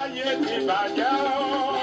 láyé ti bàjẹ́ o.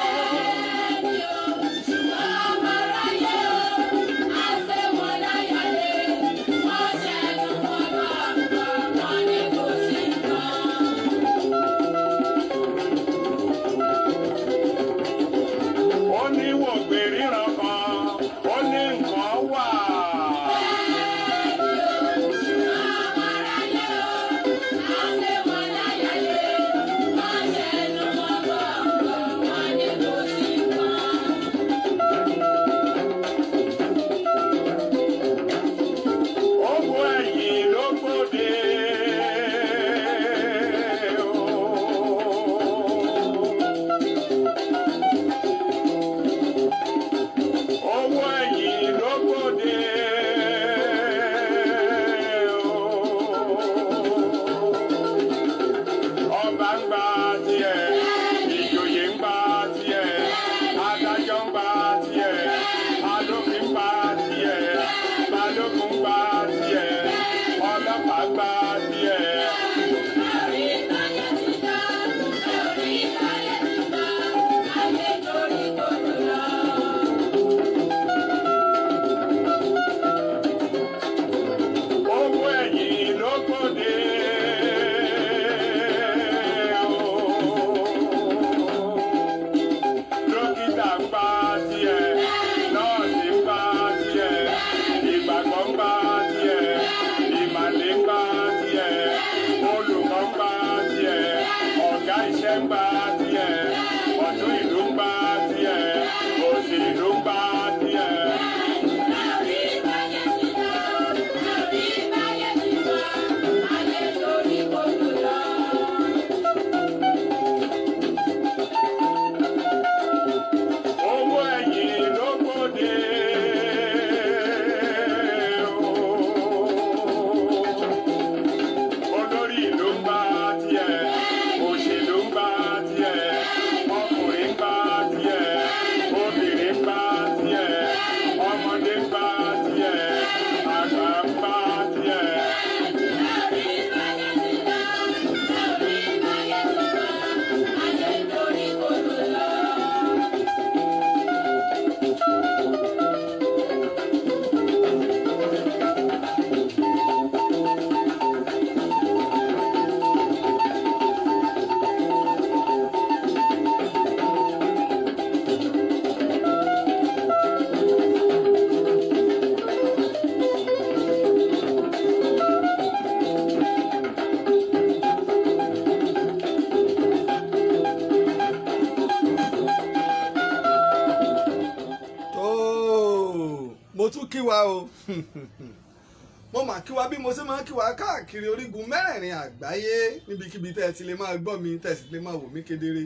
mo mà kí wa bí mo ṣe máa ń kí wa káàkiri orígun mẹ́rẹ̀ẹ̀rin àgbáyé níbikíbi tẹ́ ẹ ti lè máa gbọ́ mi tẹ́ ẹ sì lè máa wò mí kedere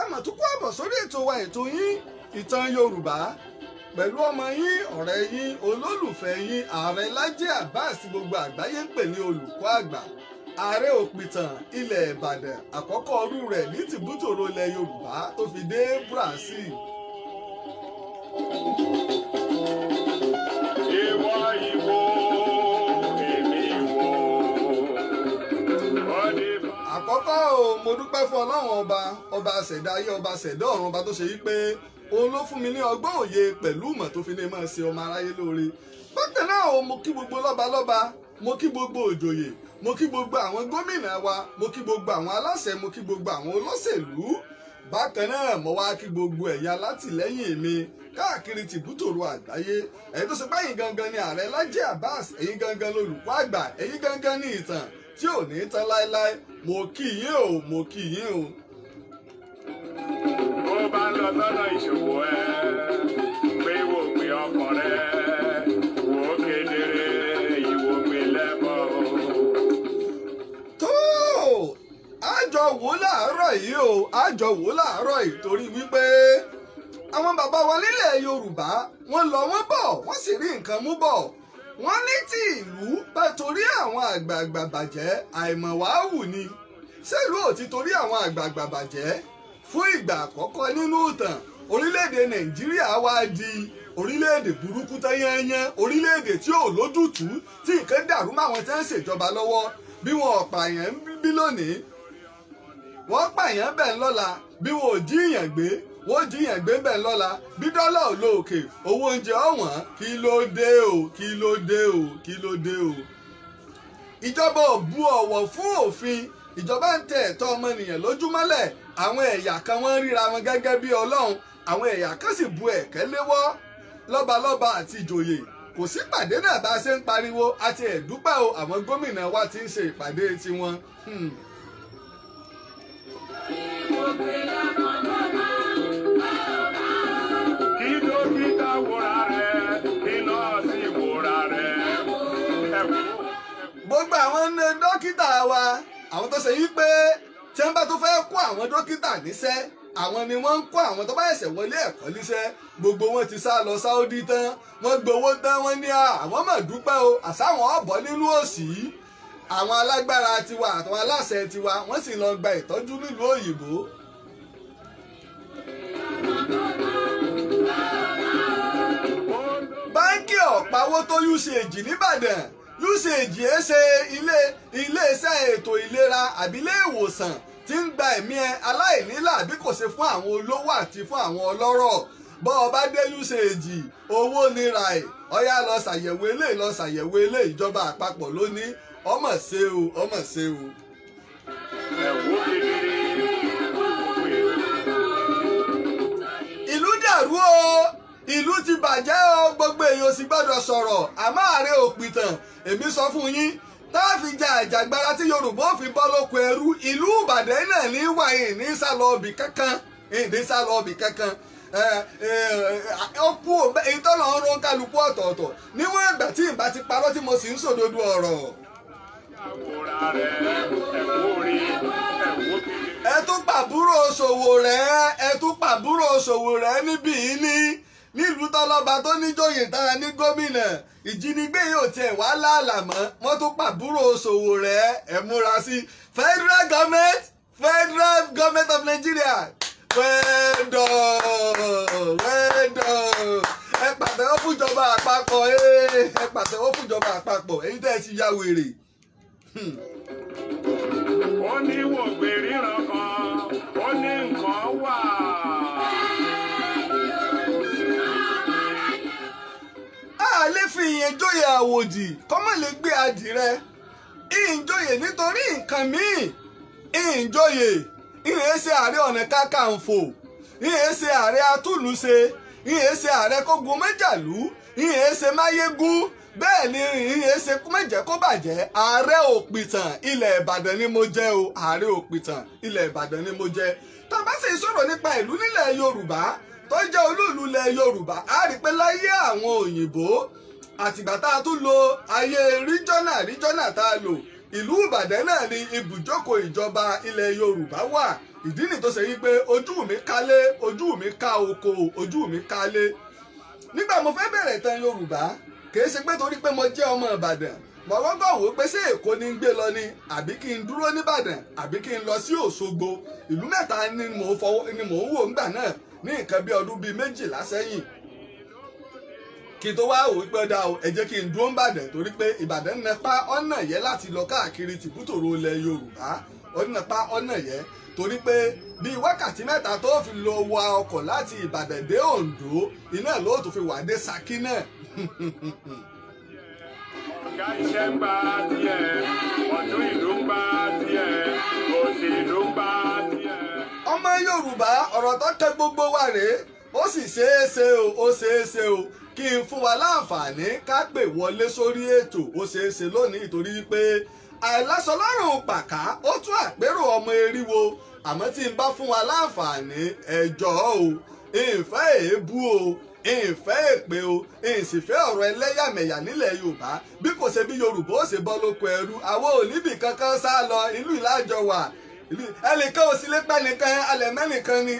ẹ mà tún kó àbọ̀ sórí ètò wa ètò yín ìtàn Yorùbá pẹ̀lú ọmọ yín ọ̀rẹ́ yín olólùfẹ́ yín ààrẹ Lájí Abbas gbogbo àgbáyé ń pè ní olùkọ́ àgbà ààrẹ òpìtàn ilẹ̀ Ìbàdàn àkọ́kọ́ ọdún rẹ̀ ní tìbútòrò ilẹ̀ Yorùbá tó fi dé Brazil o mo dúpẹ́ fún ọlọ́run ọba ọba àṣẹ̀dá ayé ọba àṣẹ̀dá ọ̀run ọba tó ṣe yí pé òun ló fún mi ní ọgbọ́n òye pẹ̀lú ìmọ̀ tó fi lè máa ṣe ọmọ aráyé lóore bákan náà o mo kí gbogbo lọ́balọ́ba mo kí gbogbo òjòyè mo kí gbogbo àwọn gómìnà wa mo kí gbogbo àwọn aláṣẹ mo kí gbogbo àwọn olóṣèlú bákan náà mo wá kí gbogbo ẹ̀yin alátìlẹ́yìn mi káàkiri tìbútòrò àgbáyé ẹ̀yin tó ṣe báyìí gangan ni ààrẹ Laji Abbas ẹ̀yin gangan lolùkọ́ àgbà ẹ̀yin gangan ni ìtàn tí ò ní tán láéláé mo kí yín o mo kí yín o. bó bá ń lọ sọ́nà ìṣòwò ẹ pé wò pé ọkàn rẹ wò ó kedere ìwò pé lẹ́bọ̀ o. tó àjọ wò láàárọ̀ yìí o àjọ wò láàárọ̀ yìí torí wípé àwọn bàbá wa nílẹ̀ Yorùbá wọ́n lọ wọ́n bọ̀ wọ́n sì rí nǹkan mú bọ̀ wọ́n ní tí ìlú bá torí àwọn àgbààgbà bàjẹ́ àìmọ̀wáhù ni sẹ́lú ò ti torí àwọn àgbààgbà bàjẹ́ fún ìgbà àkọ́kọ́ nínú ìtàn orílẹ̀-èdè nàìjíríà wá di orílẹ̀-èdè burúkú tẹ́yẹ́yẹ́ orílẹ̀-èdè tí ò lójútùú tí nǹkan dàrú máwọn tẹ́ ń ṣèjọba lọ́wọ́ bí wọn ò pààyàn bí lónìí wọ́n pààyàn bẹ́ẹ̀ lọ́la bí wọn ò jíyàn gbé wọ́n jiyàn gbé bẹ́ẹ̀ lọ́la bí dọ́là ò lọ òkè owó oúnjẹ ọ̀wọ́n kí ló dé o kí ló dé o kí ló dé o. ìjọba ò bu ọ̀wọ̀ fún òfin ìjọba ń tẹ ẹ̀tọ́ ọmọnìyàn lójúmọ́lẹ̀ àwọn ẹ̀yà kan wọ́n ríra wọn gẹ́gẹ́ bí ọlọ́run àwọn ẹ̀yà kan sì bu ẹ̀kẹ́ léwọ́ lọ́balọ́ba àti ìjòyè kò sí pàdé náà bá a ṣe ń pariwo àti ẹ̀dúpẹ́ o àwọn gómìnà wa ti ń ṣe ìpàdé tiwọn. Hmm. gbogbo àwọn dókítà wa àwọn tó ṣe wípé tí wọ́n bá tó fẹ́ kó àwọn dókítà níṣẹ́ àwọn ni wọ́n ń kó àwọn tó bá ẹ̀sẹ̀ wọlé ẹ̀kọ́ níṣẹ́ gbogbo wọn ti sá lọ sáódì tán wọ́n gbowó tán wọ́n ní àwọn mà dúpẹ́ o àsáwọn ọ̀bọ̀ nínú òṣì àwọn alágbára tiwa àtàwọn aláṣẹ tiwa wọ́n sì lọ gba ìtọ́jú nílùú òyìnbó Lẹ́kì ọ̀páwó tó usage nìbàdàn usage ẹ̀ ṣe ilé iléeṣẹ́ ètò ìlera àbílẹ̀ ìwòsàn tí ń gba ẹ̀mí ẹ aláìnílà bí kò ṣe fún àwọn olówó àti fún àwọn ọlọ́rọ̀ bọ́ ọ bá dé usage owó nira ẹ̀ ọ̀yá lọ ṣàyẹ̀wò eléyìí lọ ṣàyẹ̀wò eléyìí ìjọba àpapọ̀ lónìí ọmọ ṣe o ọmọ ṣe o. ìlú dàrú o ìlú ti bàjẹ́ o gbogbo èèyàn sì gbọ́dọ̀ sọ̀rọ̀ àmọ́ ààrẹ òpìtàn èmi sọ fún yín tá a fi ja àjàgbara tí yorùbá ò fi bọ́ lóko ẹrú ìlú ìbàdàn náà ní wà ní sálọ ọbì kankan ní sálọ ọbì kankan ọkú ìtọ́nà ọ̀rọ̀ ń kálukú ọ̀tọ̀ọ̀tọ̀ níwọ̀n ìgbà tí ìbá ti parọ́ tí mo sì ń sòdodo ọ̀rọ̀. ẹ tún pàbúrò ṣòwò rẹ ẹ tún pàbúrò ṣòwò rẹ níbí ní nílùú tọlọba tó níjòyè tára ní gómìnà ìjínigbé yóò tiẹ̀ wá láàlà mọ́ wọ́n tún pàbúrò ṣòwò rẹ̀ ẹ̀ múra sí federal government federal government of Nigeria well done well done ẹ pàtẹ́wọ́ fúnjọba àpapọ̀ eh, ẹ pàtẹ́wọ́ fúnjọba àpapọ̀ èyí tẹ́ ẹ ti ya wèrè. Hmm. ó ní wògbè ríran kan ó ní nǹkan wà á. àlè fi ìyẹn joyè àwòdì kọ́mọ̀ lè gbé adìrẹ ìǹjoyè nítorí nǹkan míì ìǹjoyè ìyẹn ṣe ààrẹ ọ̀nà kákàǹfò ìyẹn ṣe ààrẹ atúlùṣe ìyẹn ṣe ààrẹ kógun méjàlú ìyẹn ṣe máyégún bẹ́ẹ̀ ni ìyẹn ṣe mẹ́jẹ̀ kó bàjẹ́ ààrẹ òpìtàn ilẹ̀ ìbàdàn ni mo jẹ́ o ààrẹ òpìtàn ilẹ̀ ìbàdàn ni mo jẹ́ tá a bá sì sọ̀rọ̀ nípa ìlú nílẹ̀ yorùbá tó jẹ́ olúùlú ilẹ̀ yorùbá a rí pé láyé àwọn òyìnbó àtìgbà tá a tún lo ayé ríjọ́nà ríjọ́nà tá a lò ìlú ìbàdàn náà ni ibùjókòó ìjọba ilẹ̀ yorùbá wà ìdí nì tó ṣe yí pé ojú mi kálé ojú mi ka oko ojú mi kálé nígbà mo fẹ́ bẹ̀rẹ̀ ìtàn yorùbá kìí ṣe pé torí pé mo jẹ́ ọmọ ìbàdàn mo kọ́kọ́ wò ó pé ṣé èkó ni ń gbé lọ ni àbí kí n dúró nìbàdàn àbí kí n lọ sí òṣogbo ìlú mẹ́ta ni mò ń wò ńgbà náà ní nǹkan bí ọdún bíi méjìlá sẹ́yìn kí tó wá òwe pé ọ̀dà ẹ jẹ́ kí n dúró ń bàdàn torí pé ìbàdàn nẹpa ọ̀nà yẹ láti lọ káàkiri tìbútòrò ilẹ̀ yorùbá ọ̀nàpa ọ̀nà yẹ torí pé bíi wákàtí mẹ́ta tó fi lọ wa ọkọ̀ láti ìbàdàn dé oǹdó iná ló tó fi wà dé Ṣakí náà. ọ̀gá iṣẹ́ ń bá tiẹ̀ ọ̀tún ìlú ń bá tiẹ̀ òsì ìlú ń bá tiẹ̀ yorùbá ọ̀rọ̀ tó tẹ gbogbo wa rèé ó sì ṣeé o ó ṣeé ṣe o kí n fún wa láǹfààní ká pè wọlé sórí ètò ó ṣeé ṣe lónìí nítorí pé àìlásọlọ́rùn pàká ó tún àpérò ọmọ eriwo àmọ́ tí n bá fún wa láǹfààní ẹ̀jọ́ o ìfẹ́ èébú o ìfẹ́ èpè o ìsìfẹ́ ọ̀rọ̀ ẹlẹ́yàmẹ̀yà nílẹ̀ yorùbá bí kò ṣe bí yorùbá ó ṣe bọ́ lóko ẹrú àwọn ò kankan sá lọ ìlú ìlàjọ wà ẹnìkan ò sí lépa nìkan alẹ̀ mẹ́nìkan ni.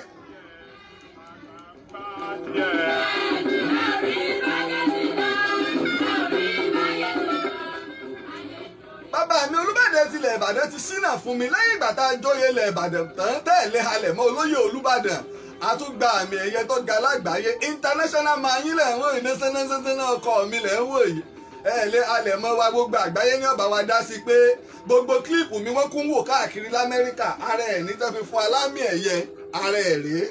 bàbá mi olúbàdàn tilẹ̀ ìbàdàn ti ṣínà fún mi lẹ́yìn ìgbà tá a jóye lẹ̀ ìbàdàn tán tẹ̀lé halẹ̀ mọ́ olóyè olúbàdàn àtúgbà àmì ẹ̀yẹ tó ga lágbàáyé international máa yín lẹ̀ ń wò yìí ní sẹ́nẹ́sẹ́nẹ́ ọkọ mi lẹ̀ ń wò yìí. ẹ lé alẹ̀ mọ́ wa gbogbo àgbáyé ní ọ̀bà wa dá sí pé gbogbo kílípù mi wọ́n kún wò káàkiri lamẹ́ríkà ara ẹ̀ ní tó fi fún alámì ẹ̀yẹ ara ẹ̀ rèé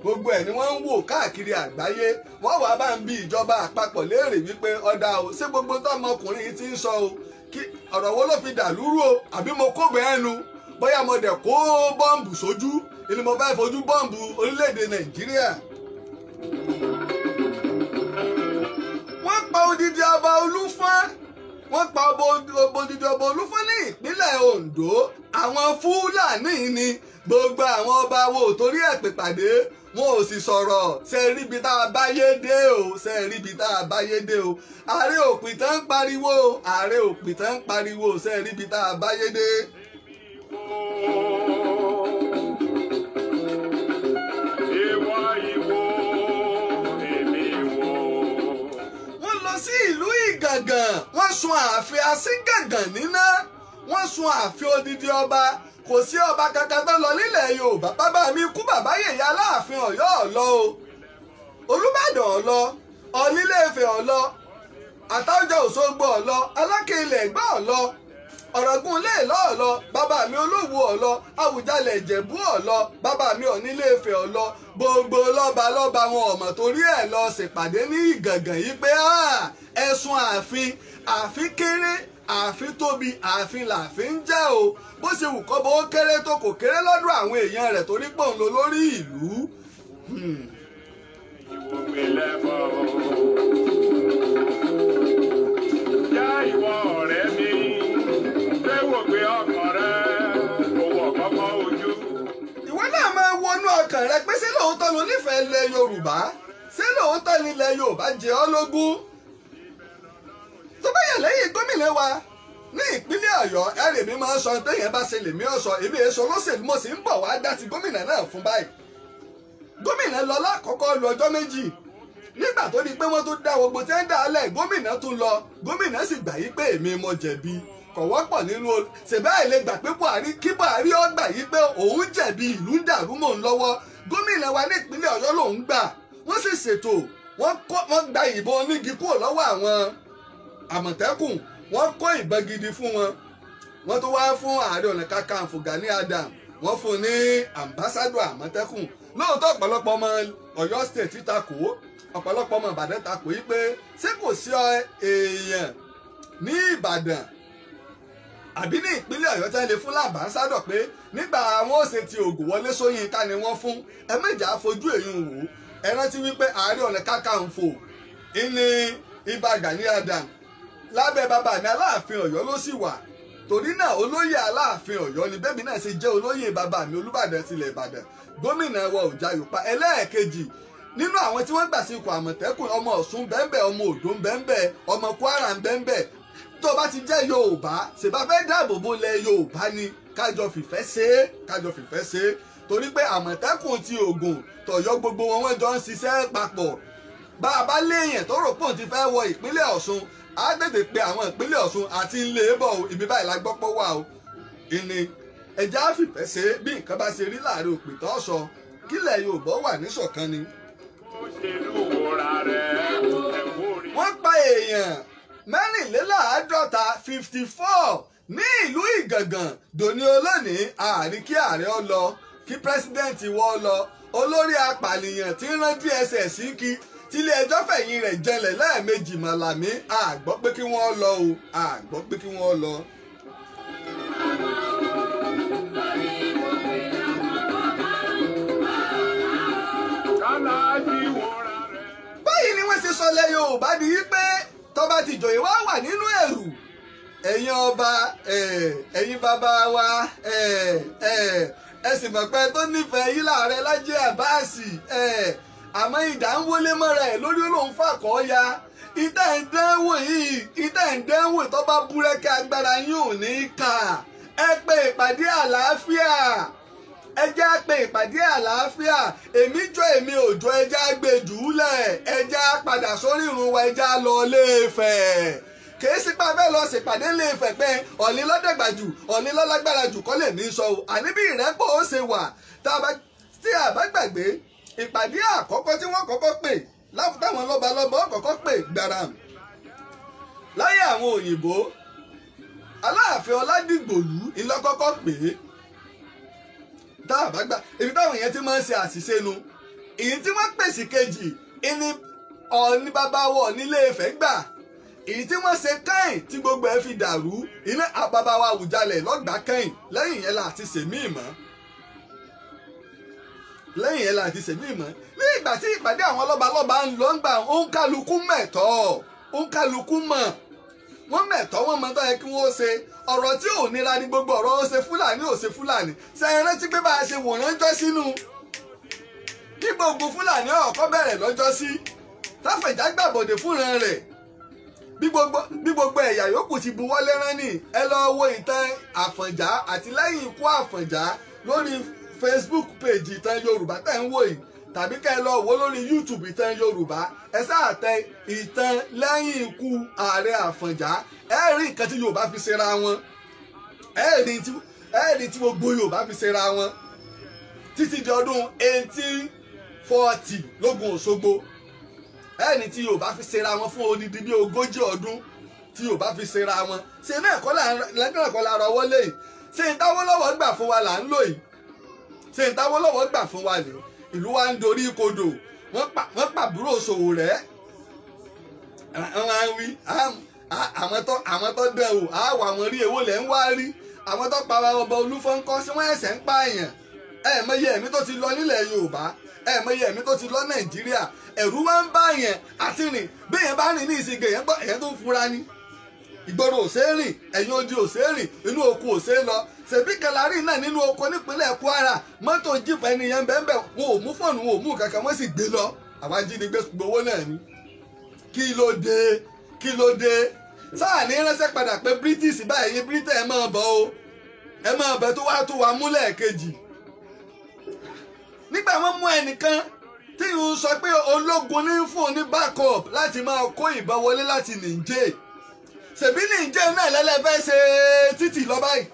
gbogbo ẹ̀ ni wọ́n ń wò káàkiri àgbáyé wọ́n wàá bá ń bi ìjọba àpapọ̀ léèrè wípé ọ̀dà o ṣé gbogbo tọmọkùnrin yìí ti ń sọ o kí ọ̀rọ̀ wo ló fi dà lúrú o àbí mo kó bẹ́ẹ̀ nu bóyá mo dẹ̀ kó bọ́ǹbù sójú ni mo fẹ́ fojú bọ́ǹbù orílẹ̀-èdè nàìjíríà. pa odidi ọba olúfọ́n wọ́n pa odidi ọba olúfọ́n ní ìpínlẹ̀ Ondo àwọn fúlàní ni gbogbo àwọn ọba wo torí ẹ̀ pè pàdé wọn ò sì sọ̀rọ̀ ṣe ríbi tá a báyé dé o ṣe ríbi tá a báyé dé o ààrẹ òpìtàn ń pariwo ààrẹ òpìtàn ń pariwo ṣe ríbi tá a báyé dé. ìwà ìwà. gàngàn wọ́n sun ààfin asígàngàn níná wọ́n sun ààfin odidi ọba kò sí ọba kankan tó lọ nílẹ̀ yorùbá bàbá mi kú bàbá yèyé aláàfin ọ̀yọ́ ọ̀lọ́ o olùbàdàn ọ̀lọ́ ọ̀nílẹ̀ẹ̀fẹ̀ ọ̀lọ́ àtàwùjọ òṣogbo ọ̀lọ́ alákè ilẹ̀ ẹ̀gbá ọ̀lọ́ ọ̀rọ̀gùn lè lọ ọ̀lọ́ bàbá mi olówó ọ̀lọ́ àwùjalẹ̀ ìjẹ̀bú ọ̀lọ́ bàbá mi ọ̀níléèfẹ̀ ọ̀lọ́ gbogbo lọ́ba lọ́ba wọn ọ̀mọ̀ torí ẹ̀ lọ ṣèpàdé ní ìgàngàn yìí pé ẹ̀sùn ààfin ààfin kéré ààfin tóbi ààfin lààfin ń jẹ́ o bó ṣe wù kọ́ bó kéré tó kò kéré lọ́dọ̀ àwọn èèyàn rẹ̀ torí pọ̀ ń lo lórí ìlú. Hmm. ìwò mi lẹ́mọ̀ o gbé ọkàn rẹ owó ọ̀pọ̀pọ̀ ojú. ìwọ náà máa wọnú ọkàn rẹ pé ṣé lóòótọ́ ló nífẹ̀ẹ́ ilẹ̀ Yorùbá ṣé lóòótọ́ ni ilẹ̀ Yorùbá jẹ ọ́ lógún. tó bá yẹ lẹ́yìn gómìnà wa ní ìpínlẹ̀ Ọ̀yọ́ ẹ̀rì mi máa ń sọ téèyàn bá ṣe lèmi ọ̀sọ̀ èmi èso olóṣèlú mo sì ń bọ̀ wá dá ti gómìnà náà fún báyìí gómìnà lọ lákọ̀ọ́kọ́ lu ọjọ́ méjì nígbà tó di pé wọ́n tó dá gbogbo tí wọ́n dá alẹ́ gómìnà tún lọ gómìnà sì gbà yí pé èmi mo jẹ̀bi kò wọ́pọ̀ nínú o ṣèbáyé lè gbà pé Buhari kí Buhari ó gbà yí pé òun jẹ̀bi ìlú ń dàrú mọ́ ń lọ́wọ́ gómìnà wa ní ìpínlẹ̀ Ọ̀yọ́ lòún gbà wọ́n sì ṣètò wọ́n gba ìbọn onígi kúrò lọ́wọ́ àwọn Àmọ̀tẹ́kùn wọ́n kó ìbọn gidi fún wọn wọ́n tó wá fún Ààrẹ Ọ̀nà Kakanfò Gani Adam wọ́n fún ní ambassador Àmọ̀tẹ́kùn lóòótọ́ ọ̀pọ̀lọpọ̀ ọmọ Ọ̀yọ́ state takò ọ̀pọ̀lọpọ̀ ọmọ Ìbàdàn takò yí pé ṣé kò sí èèyàn ní Ìbàdàn àbí ní ìpínlẹ̀ ọ̀yọ́ tẹ́ lè fún làbánsádọ̀ pé nígbà wọn ò ṣe ti ògùn wọlé sóyinká ni wọ́n fún ẹ méjà fojú èyún wò ó ẹ rántí wípé ààrẹ ọ̀nà kákàǹfò ìní ibà Gani Adams lábẹ́ bàbá mi aláàfin ọ̀yọ́ ló sì wà torí náà olóyè aláàfin ọ̀yọ́ ni bẹ́ẹ̀ mi náà ṣe jẹ́ olóyè bàbá mi olúbàdàn tilẹ̀ ìbàdàn gómìnà wa òjayò pa ẹlẹ́ẹ̀kejì nínú àwọn tí wọ́n gbà sí ikọ̀ àmọ̀tẹ́kùn ọmọ ọ̀ṣun bẹ́ẹ̀ bẹ́ẹ̀ ọmọ òdó bẹ́ẹ̀ bẹ́ẹ̀ ọmọ kwara bẹ́ẹ̀ bẹ́ẹ̀ tó o bá ti jẹ́ yorùbá ṣèbá fẹ́ dáàbò bo ilẹ̀ yorùbá ni kájọ fìfẹ́ ṣe é kájọ fìfẹ́ ṣe é torí pé àmọ̀tẹ́kùn ti ògùn tọ̀yọ́ gbogbo wọn wọ́n jọ ń ṣiṣẹ́ papọ̀ bá a bá léèyàn tó rò pòun ti fẹ́ wọ ìpínlẹ̀ ọ̀ṣun á tètè pe àwọn ìpínlẹ̀ ọ̀ṣun àti ilé bọ̀ o ibi báyìí la gbọ́ pọ̀ wà o ìní ẹ̀já fìfẹ́ ṣe é bí nǹkan bá ṣe rí láàrin òpìtọ́ ọ̀ṣọ́ kílẹ̀ yorùbá wà níṣọ̀kan ni. wọ́n pa èèyàn mẹ́rìnléláàádọ́ta fifty four ní ìlú ìgàngàn dòní olónìí ààrí kí ààrẹ ọ lọ kí pírẹsidẹ́ǹtì wọ́ ọ lọ olórí apànìyàn tí ń rán DSS kí tílé ẹjọ́ fẹ̀yìn rẹ̀ jẹlẹ̀ lẹ́ẹ̀mejì màlàmí àgbọ́ pé kí wọ́n lọ o àgbọ́ pé kí wọ́n lọ. báyìí ni wọ́n ṣe sọ lẹ́yìn Yorùbá di wípé tọ́ba ti jòyè wá wà nínú ẹ̀rù ẹ̀yin ọba ẹ̀yin bàbá wa ẹ̀sìn pẹ̀pẹ́ tó nífẹ̀ẹ́ yìí láàrẹ Lájì Àbáàsì àmọ́ ìdá ń wọlé mọ́ra ẹ̀ lórí olóhùn fàkọ́ ya ìtẹ̀ ń dẹ́wò yìí ìtẹ̀ ń dẹ́wò tó bá búrẹ́kẹ́ agbára yín ò ní kà ẹ pé ìpàdé àlàáfíà ẹ jẹ́ pé ìpàdé àlàáfíà èmi jọ èmi ò jọ ẹ jẹ́ gbé jùúlẹ̀ ẹ jẹ́ padà sórí ìrun wa ẹ jẹ́ lọ léèfẹ̀ kìí sípa bẹ́ẹ̀ lọ ṣèpàdé lè fẹ̀pẹ́ ọ̀ní lọ́dẹ̀gbà jù ọ̀ní lọ́lágbára jù kọ́ lè ní sọ o àní bí ìrẹ́pọ̀ ó ṣe wà tí a bá gbàgbé ìpàdé àkọ́kọ́ tí wọ́n kọ́kọ́ pè láwọn lọ́balọ́ba ó kọ́kọ́ pè gbaram láyé àwọn òyìnbó aláàfin ọládìgbòlú tá a bá gbà ibi táwọn èèyàn ti máa ń ṣe àṣìṣe nu èyí tí wọ́n pèsè kejì ìní ọ̀ọ́ni bàbá wọ̀ nílé Ifẹ̀ gbà èyí tí wọ́n ṣe kẹ́yìn tí gbogbo ẹ̀ fi dàrú ilé àbábá wa Àwùjalẹ̀ lọ́gbàá kẹ́yìn lẹ́yìn yẹn la ti ṣèmí ìmọ̀ lẹ́yìn yẹn la ti ṣèmí ìmọ̀ ní ìgbà tí ìpàdé àwọn lọ́balọ́ba ń lọ ń gbà òǹkàlùkù mẹ̀tọ́ òǹkàlùkù mọ̀ wọ́n mẹ̀tọ́ wọ́n mọ tó yẹ kí wọ́n ṣe ọ̀rọ̀ tí ò nira ní gbogbo ọ̀rọ̀ ó ṣe fúlàní ò ṣe fúlàní ṣe é rántí pé bá a ṣe wòrán jọ sínú bí gbogbo fúlàní ọ̀kọ́ bẹ̀rẹ̀ lọ́jọ́ sí táfẹ̀já gbàbọ̀dẹ̀ fúnra rẹ̀ bí gbogbo ẹ̀yà yòókù ti buwọ́lé rání ẹ lọ wo ìtàn àfọ̀njá àti lẹ́yìn ikú àfọ̀njá lórí Facebook page ìtàn Yorùbá tẹ̀ ń wò yìí tàbí kẹ́ ẹ lọ wò lórí YouTube ìtàn Yorùbá ẹ sáà tẹ ìtàn lẹ́yìn ikú ààrẹ Àfọ̀njá ẹ rí nǹkan tí Yorùbá fi ṣera wọn ẹ rí tí gbogbo Yorùbá fi ṣera wọn títí di ọdún eighteen forty lógun Òṣogbo ẹ rí tí Yorùbá fi ṣera wọn fún odidi bíi ogójì ọdún tí Yorùbá fi ṣera wọn ṣe bẹ́ẹ̀ kọ́ lẹ́gbẹ̀rẹ̀ kọ́ la rọwọ́ lẹ́yìn ṣe ìtawọ́lọ́wọ́ gbà fún wa là ń lò yìí ṣe ìtawọ́lọ́wọ́ gbà fún wa nìyí ìlú wa ń dorí kodò wọ́n pàbúrò ṣòwò rẹ̀ wọ́n máa ń wí àwọn tó dẹ̀ o àwọ̀ àwọn rí èwo lẹ̀ ń wá rí àwọn tó pa ọba olúfọ́nkọ́ sí wọ́n ẹ̀sẹ̀ ń pààyàn ẹ̀ mọyì ẹ̀mí tó ti lọ nílẹ̀ yorùbá ẹ̀ mọyì ẹ̀mí tó ti lọ nàìjíríà ẹ̀rú wá ń báyẹn àti rìn bẹ́ẹ̀ bá rìn ní ìsìnkè yẹn gbọ́ ẹ̀yẹn tó ń fura ni ìgboro ò ṣeé rìn ẹ̀yìn odi ò ṣeé rìn inú oko ò ṣeé lọ ṣèbí kalari náà nínú oko nípínlẹ̀ Kwara mọ́tò jíìpù ẹnìyẹn bẹ́ẹ̀ wọn ò mú fóònù wọn ò mú kankan wọ́n sì gbé lọ àwọn ajínigbé gbowó náà ni kí ló dé kí ló dé sáà ní ránṣẹ́ padà pé British báyìí Britain ẹ máa bọ̀ o ẹ máa bẹ̀ tó wá tó wá múlẹ̀ kejì nígbà wọn mú ẹnìkan tí n sọ pé ológun ní fún ní backup láti máa kó ìbọn wọlé láti nìjẹ́ ṣèbí nìjẹ́ náà lẹ́lẹ́fẹ́ ṣe títì lọ báyìí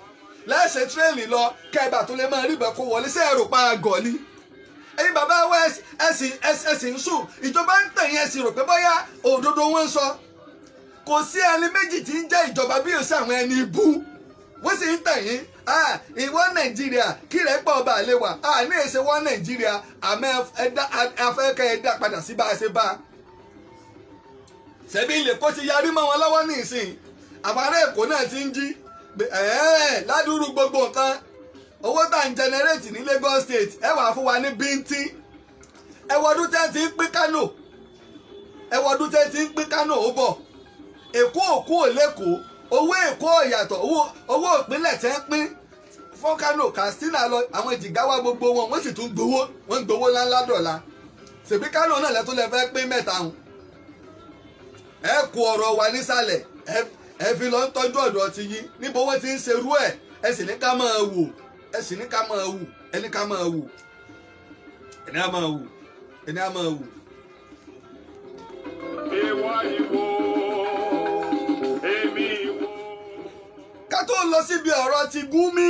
láṣẹ tírẹ́ẹ̀nì lọ kẹbà tó lè máa rí ìbẹ̀ kó wọlé sí ẹ̀rù pa ni bàbá wa ẹ̀sìn ń sùn ìjọba ń tẹ̀yìn yín rò pé òdodo wọn ń sọ kò sí ẹni méjì tí ń jẹ́ ìjọba bí yóò sí àwọn ẹni ibú wọ́n sì ń tẹ̀yìn ìwọ nàìjíríà kí rẹ̀ pọ̀ ọba ní nàìjíríà àmọ́ ẹ̀dá padà a ṣe Eh, ládùúrú gbogbo nǹkan owó tá ń jẹnẹrétì ní Lagos State ẹ wà fún wa ní bíntín ẹ wọdún tẹ́ ti ń pín Kánò ẹ wọdún tẹ́ ti ń pín Kánò ó bọ Èkó òkú ò lẹ́kọ̀ọ́ owó Èkó ọ̀yàtọ̀ owó ìpínlẹ̀ tẹ́ ń pín fún Kánò Katsina lọ àwọn Jìgáwá gbogbo wọn wọ́n sì tún gbowó wọ́n gbowó ńláńlá dọ̀la ṣèbí Kánò náà lẹ́tọ́ lẹ fẹ́ pín mẹ́ta hùn ẹ kó ọ̀rọ̀ wa nísàlẹ̀ ẹ ẹ fi lọ ń tọ́jú ọ̀dọ̀ ti yín níbo wọ́n ti ń ṣerú ẹ̀ ẹ sì ní ká máa wò ẹ sì ní ká máa wù ẹ ní ká máa wù ẹ ní ká máa wù ẹ ní ká máa wù. ká tó lọ síbi ọ̀rọ̀ ti Gumi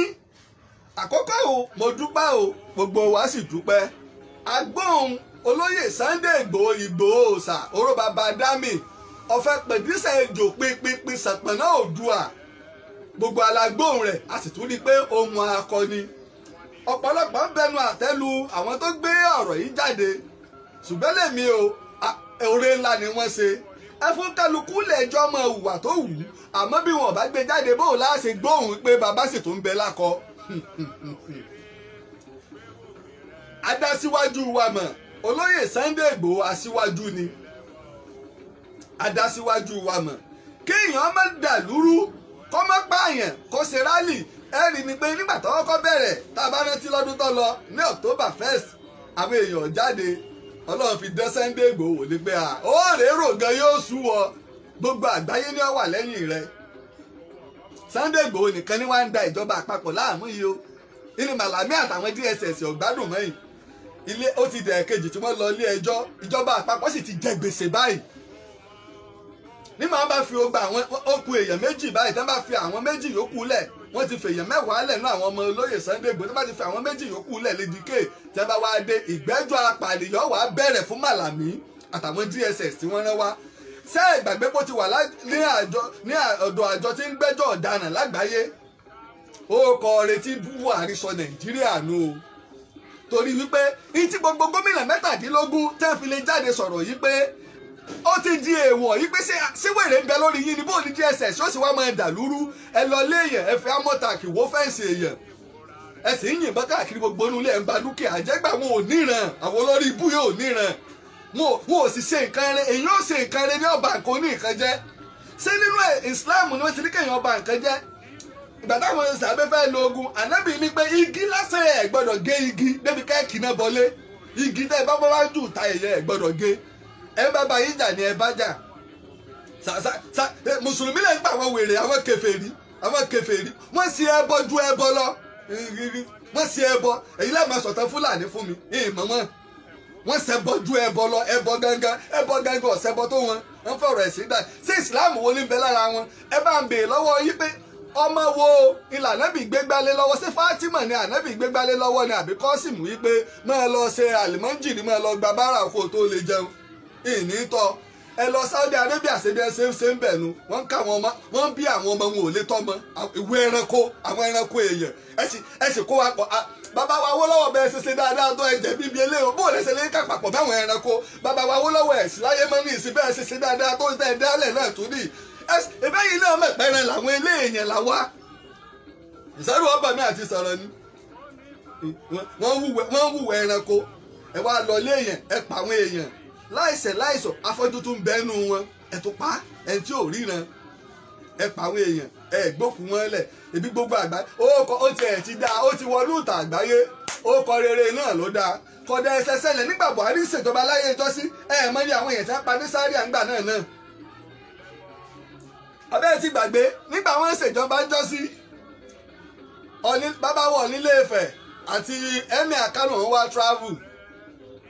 àkókò o mo dúpẹ́ o gbogbo wa sì dúpẹ́ agbóhùn olóyè Sunday Ìgbòho Ìgbòho ṣá oró baba dami ọ̀fẹ́ pẹ̀dísẹ̀ ejò pinpin sàpẹ̀nà òdua gbogbo alágbóhùn rẹ̀ a sì tún rí i pé ohun akọni ọ̀pọ̀lọpọ̀ ń bẹnu àtẹ́lu àwọn tó gbé ọ̀rọ̀ yìí jáde ṣùgbọ́n lèmi o oore ńlá ni wọ́n ṣe ẹ fún kálukú lẹ́jọ́ ọmọ ìwà tó wù ú àmọ́ bí wọn ò bá gbé jáde bóò láṣẹ gbóhùn pé bàbá sì tún ń bẹ lákọ. adásíwájú wa mọ̀ olóyè Sunday Igboho aṣíwájú ni adásíwájú wa mọ̀ kéèyàn má dàlúrú kó má pààyàn kó ṣe rálì ẹ rí ni pé nígbà tọ́wọ́ kọ́ bẹ̀rẹ̀ tá a bá rántí lọ́dún tó lọ ní October first àwọn èèyàn jáde Ọlọ́run fi dán Sunday Igboho ní pé ó rèérò gan yóò sú wọ gbogbo àgbáyé ni ó wà lẹ́yìn rẹ̀ Sunday Igboho nìkan ni wàá ń da ìjọba àpapọ̀ láàmú yìí o ilé màlàmí àtàwọn DSS ọ̀gbádùn mẹ́yìn ilé ó ti dẹ̀ kejì tí wọ́n lọ ilé ẹjọ́ ìjọba àpapọ̀ sì ti jẹ gbèsè báyìí ní màá bá fi ogba àwọn okùn èèyàn méjì báyìí tán bá fi àwọn méjì yòókù lẹ̀ wọ́n ti fèèyàn mẹ́wàá lẹ̀ náà àwọn ọmọ olóyè Sunday Igboho tó bá ti fi àwọn méjì yòókù lẹ̀ lédìké tẹ́ bá wá dé ìgbẹ́jọ́ apànìyàn wàá bẹ̀rẹ̀ fún Màlàmí àtàwọn DSS tí wọ́n rán wá ṣé ìgbàgbé bó ti wà ní ọ̀dọ̀ àjọ tí ń gbẹ́jọ́ ọ̀daràn lágbàáyé ó kọ retí Buhari sọ Nàìjíríà nù o torí wípé ní ti gbogbo gómìnà mẹ́tàdínlógún tẹ́ fi lè jáde sọ̀rọ̀ yìí pé ó ti di èèwọ̀ yìí pé ṣé wèrè ń bẹ lórí yín ni bóun ní DSS ó sì wá máa dà lúrú ẹ lọ léèyàn ẹ fẹ́ amọ́tàkì wó fẹ́ǹsì èèyàn ẹ sì ń yìnbọn káàkiri gbogbo inú ilé ẹ̀ ń gba dúkìá jẹ́gbà wọn ò níran àwọn olórí ibú yóò níran wọn ò sì ṣe nǹkan rẹ èyí ò ṣe nǹkan rẹ ní ọba nǹkan nǹkan ṣé Islam ni ọba nǹkan ìgbà táwọn lo ogun ànábì igi lásán ẹ gé igi débi náà bọlé igi ta ẹ ẹ bá bá yín jà ni ẹ bá jà mùsùlùmí lè gba àwọn wèrè àwọn kèfèrí àwọn kèfèrí wọ́n sì ẹbọ ju ẹbọ lọ wọ́n sì ẹbọ èyí lè máa sọ̀tàn fúlàní fún mi ìmọ̀ wọn wọ́n ṣẹbọ ju ẹbọ lọ ẹbọ gangan ẹbọ gangan ọ̀ṣẹbọ tó wọn wọ́n fọ̀rọ̀ ẹ̀sìn dà sí ìsìláàmù wo ní bẹ lára wọn ẹ bá ń bèè lọ́wọ́ yín pé ọmọ wo ilà ànábì gbégbálé lọ́wọ́ ṣé Fátímà ni ànábì gbégbálé lọ́wọ́ ni àbí Kọ́sìmù yí pé máa lọ ṣe àlìmọ́jìrì máa lọ gba bára kó tó lè jẹun ìní tọ́ ẹ lọ Saudi Arabia ṣebí ẹ ṣe ń ṣe ń bẹ̀ nu wọ́n ń ká àwọn ọmọ wọ́n ń bí àwọn ọmọ wọn ò lè tọ́mọ ìwé ẹranko àwọn ẹranko èèyàn ẹ sì kó wa pọ̀ bàbá wa Awólọ́wọ̀ bẹ́ẹ̀ ṣe ṣe dáadáa tó ẹ̀jẹ̀ bíbi eléyìí bó lẹ́sẹ̀ lè kà papọ̀ báwọn ẹranko bàbá wa Awólọ́wọ̀ ẹ̀ sí láyé mọ́ ní ìsìn bẹ́ẹ̀ ṣe ṣe dáadáa tó ẹ̀ dálẹ̀ náà tún nìyí ebe yìí náà mẹ̀pẹ̀rẹ̀ làwọn eléyìí là wá ìsẹ́rù ọba mi àti sọ̀rọ̀ ni wọ́n wúwẹ̀ ẹranko ẹ wá lọ léèyàn ẹ pa èèyàn láìṣẹ̀ láìsọ̀ afọ́jú tún bẹ́nu wọn ẹ tún pa ẹ tí ò ríran ẹ pa àwọn èèyàn ẹ gbókun wọn lẹ̀ ibi gbogbo àgbáyé ó kọ ó tiẹ̀ ti da ó ti wọnú ìta àgbáyé ó kọ rere náà ló dáa kọ̀dà ẹsẹ̀ ṣẹlẹ̀ nígbà Buhari ṣèjọba láyé ìjọsí ẹ mọ ní àwọn èèyàn tí wọ́n pa ní Zaria àgbà náà náà abẹ́rẹ́ ti gbàgbé nígbà wọ́n ṣèjọba jọ́sí bàbá wọ̀ nílé Ifẹ̀ àti Emir Kánò wá travel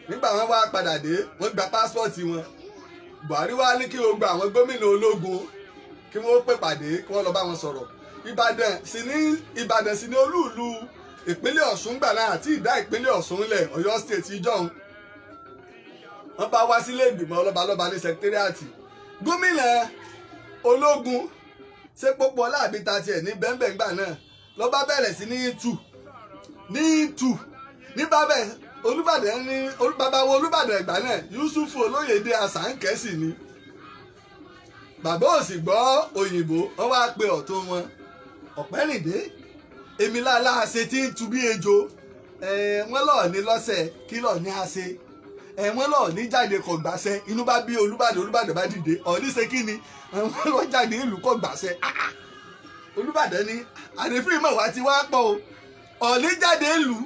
nígbà wọn wá padà dé wọn gba pásítọ̀tì wọn Buhari wá ní kí wọn gba àwọn gómìnà ológun kí wọn pè pàdé kí wọn lọ bá wọn sọ̀rọ̀ Ìbàdàn sì ní Ìbàdàn sì ní olúùlú ìpínlẹ̀ Ọ̀ṣun gbà náà àti ìdá ìpínlẹ̀ Ọ̀ṣun lẹ̀ Ọ̀yọ́ state ìjọhún wọn bá wá sílé ìgbìmọ̀ ọlọ́balọ́ba ní sẹkítẹ́rìàtì gómìnà ológun ṣé pópó ọláàbí ta tiẹ̀ ní bẹ́ńbẹ́ńgbà náà ló bá bẹ̀rẹ̀ sí ní tù ní tù ní bá bẹ̀rẹ̀ olùbàdàn ní babawo olùbàdàn ìgbà náà yusufu olóyèdè àsàǹkẹ́sì ni bàbá òsì gbọ́ òyìnbó wọ́n wá pe ọ̀tún wọn ọ̀pẹ́rìndé èmi lálá àṣẹ tí ń tu bí ejò wọ́n lọ́ọ̀ ní lọ́sẹ̀ kí lọ́ọ̀ ní àṣẹ wọ́n lọ́ọ̀ ní jáde kò gbàṣẹ inú bá bí olùbàdàn olùbàdàn bá dìde ọ̀ọ́nì ṣe kí ni wọ́n lọ́ọ́ jáde ìlú kò gbàṣẹ olùbàdàn ni àdéfín mọ̀ wá ti wá pọ̀ ọ̀ọ́nì jáde ìlú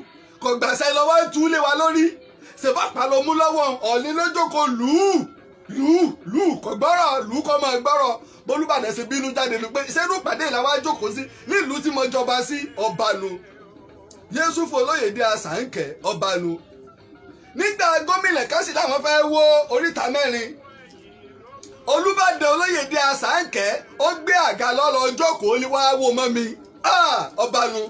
kò gbàṣẹ lọ wá tú lé wa lórí ṣèbápa ló mú lọ́wọ́ ọ̀ní lójókòó lùú lùú lùú kò gbọ́rọ̀ lùú kò mọ̀ gbọ́rọ̀ bólúbàdàn ṣe bínú jáde lù pé ṣẹ́nu pàdé ìlà wa jókòó sí nílùú tí mo jọba sí ọba nu Yésùfù Olóyèdé Àṣàǹkẹ́ ọba nu nígbà gómìnà kásì làwọn fẹ́ wó oríta mẹ́rin Olúbàdàn Olóyèdé Àṣàǹkẹ́ ó gbé àga lọ́lọ́ jókòó wá wò mọ́ mi ah, ọba nu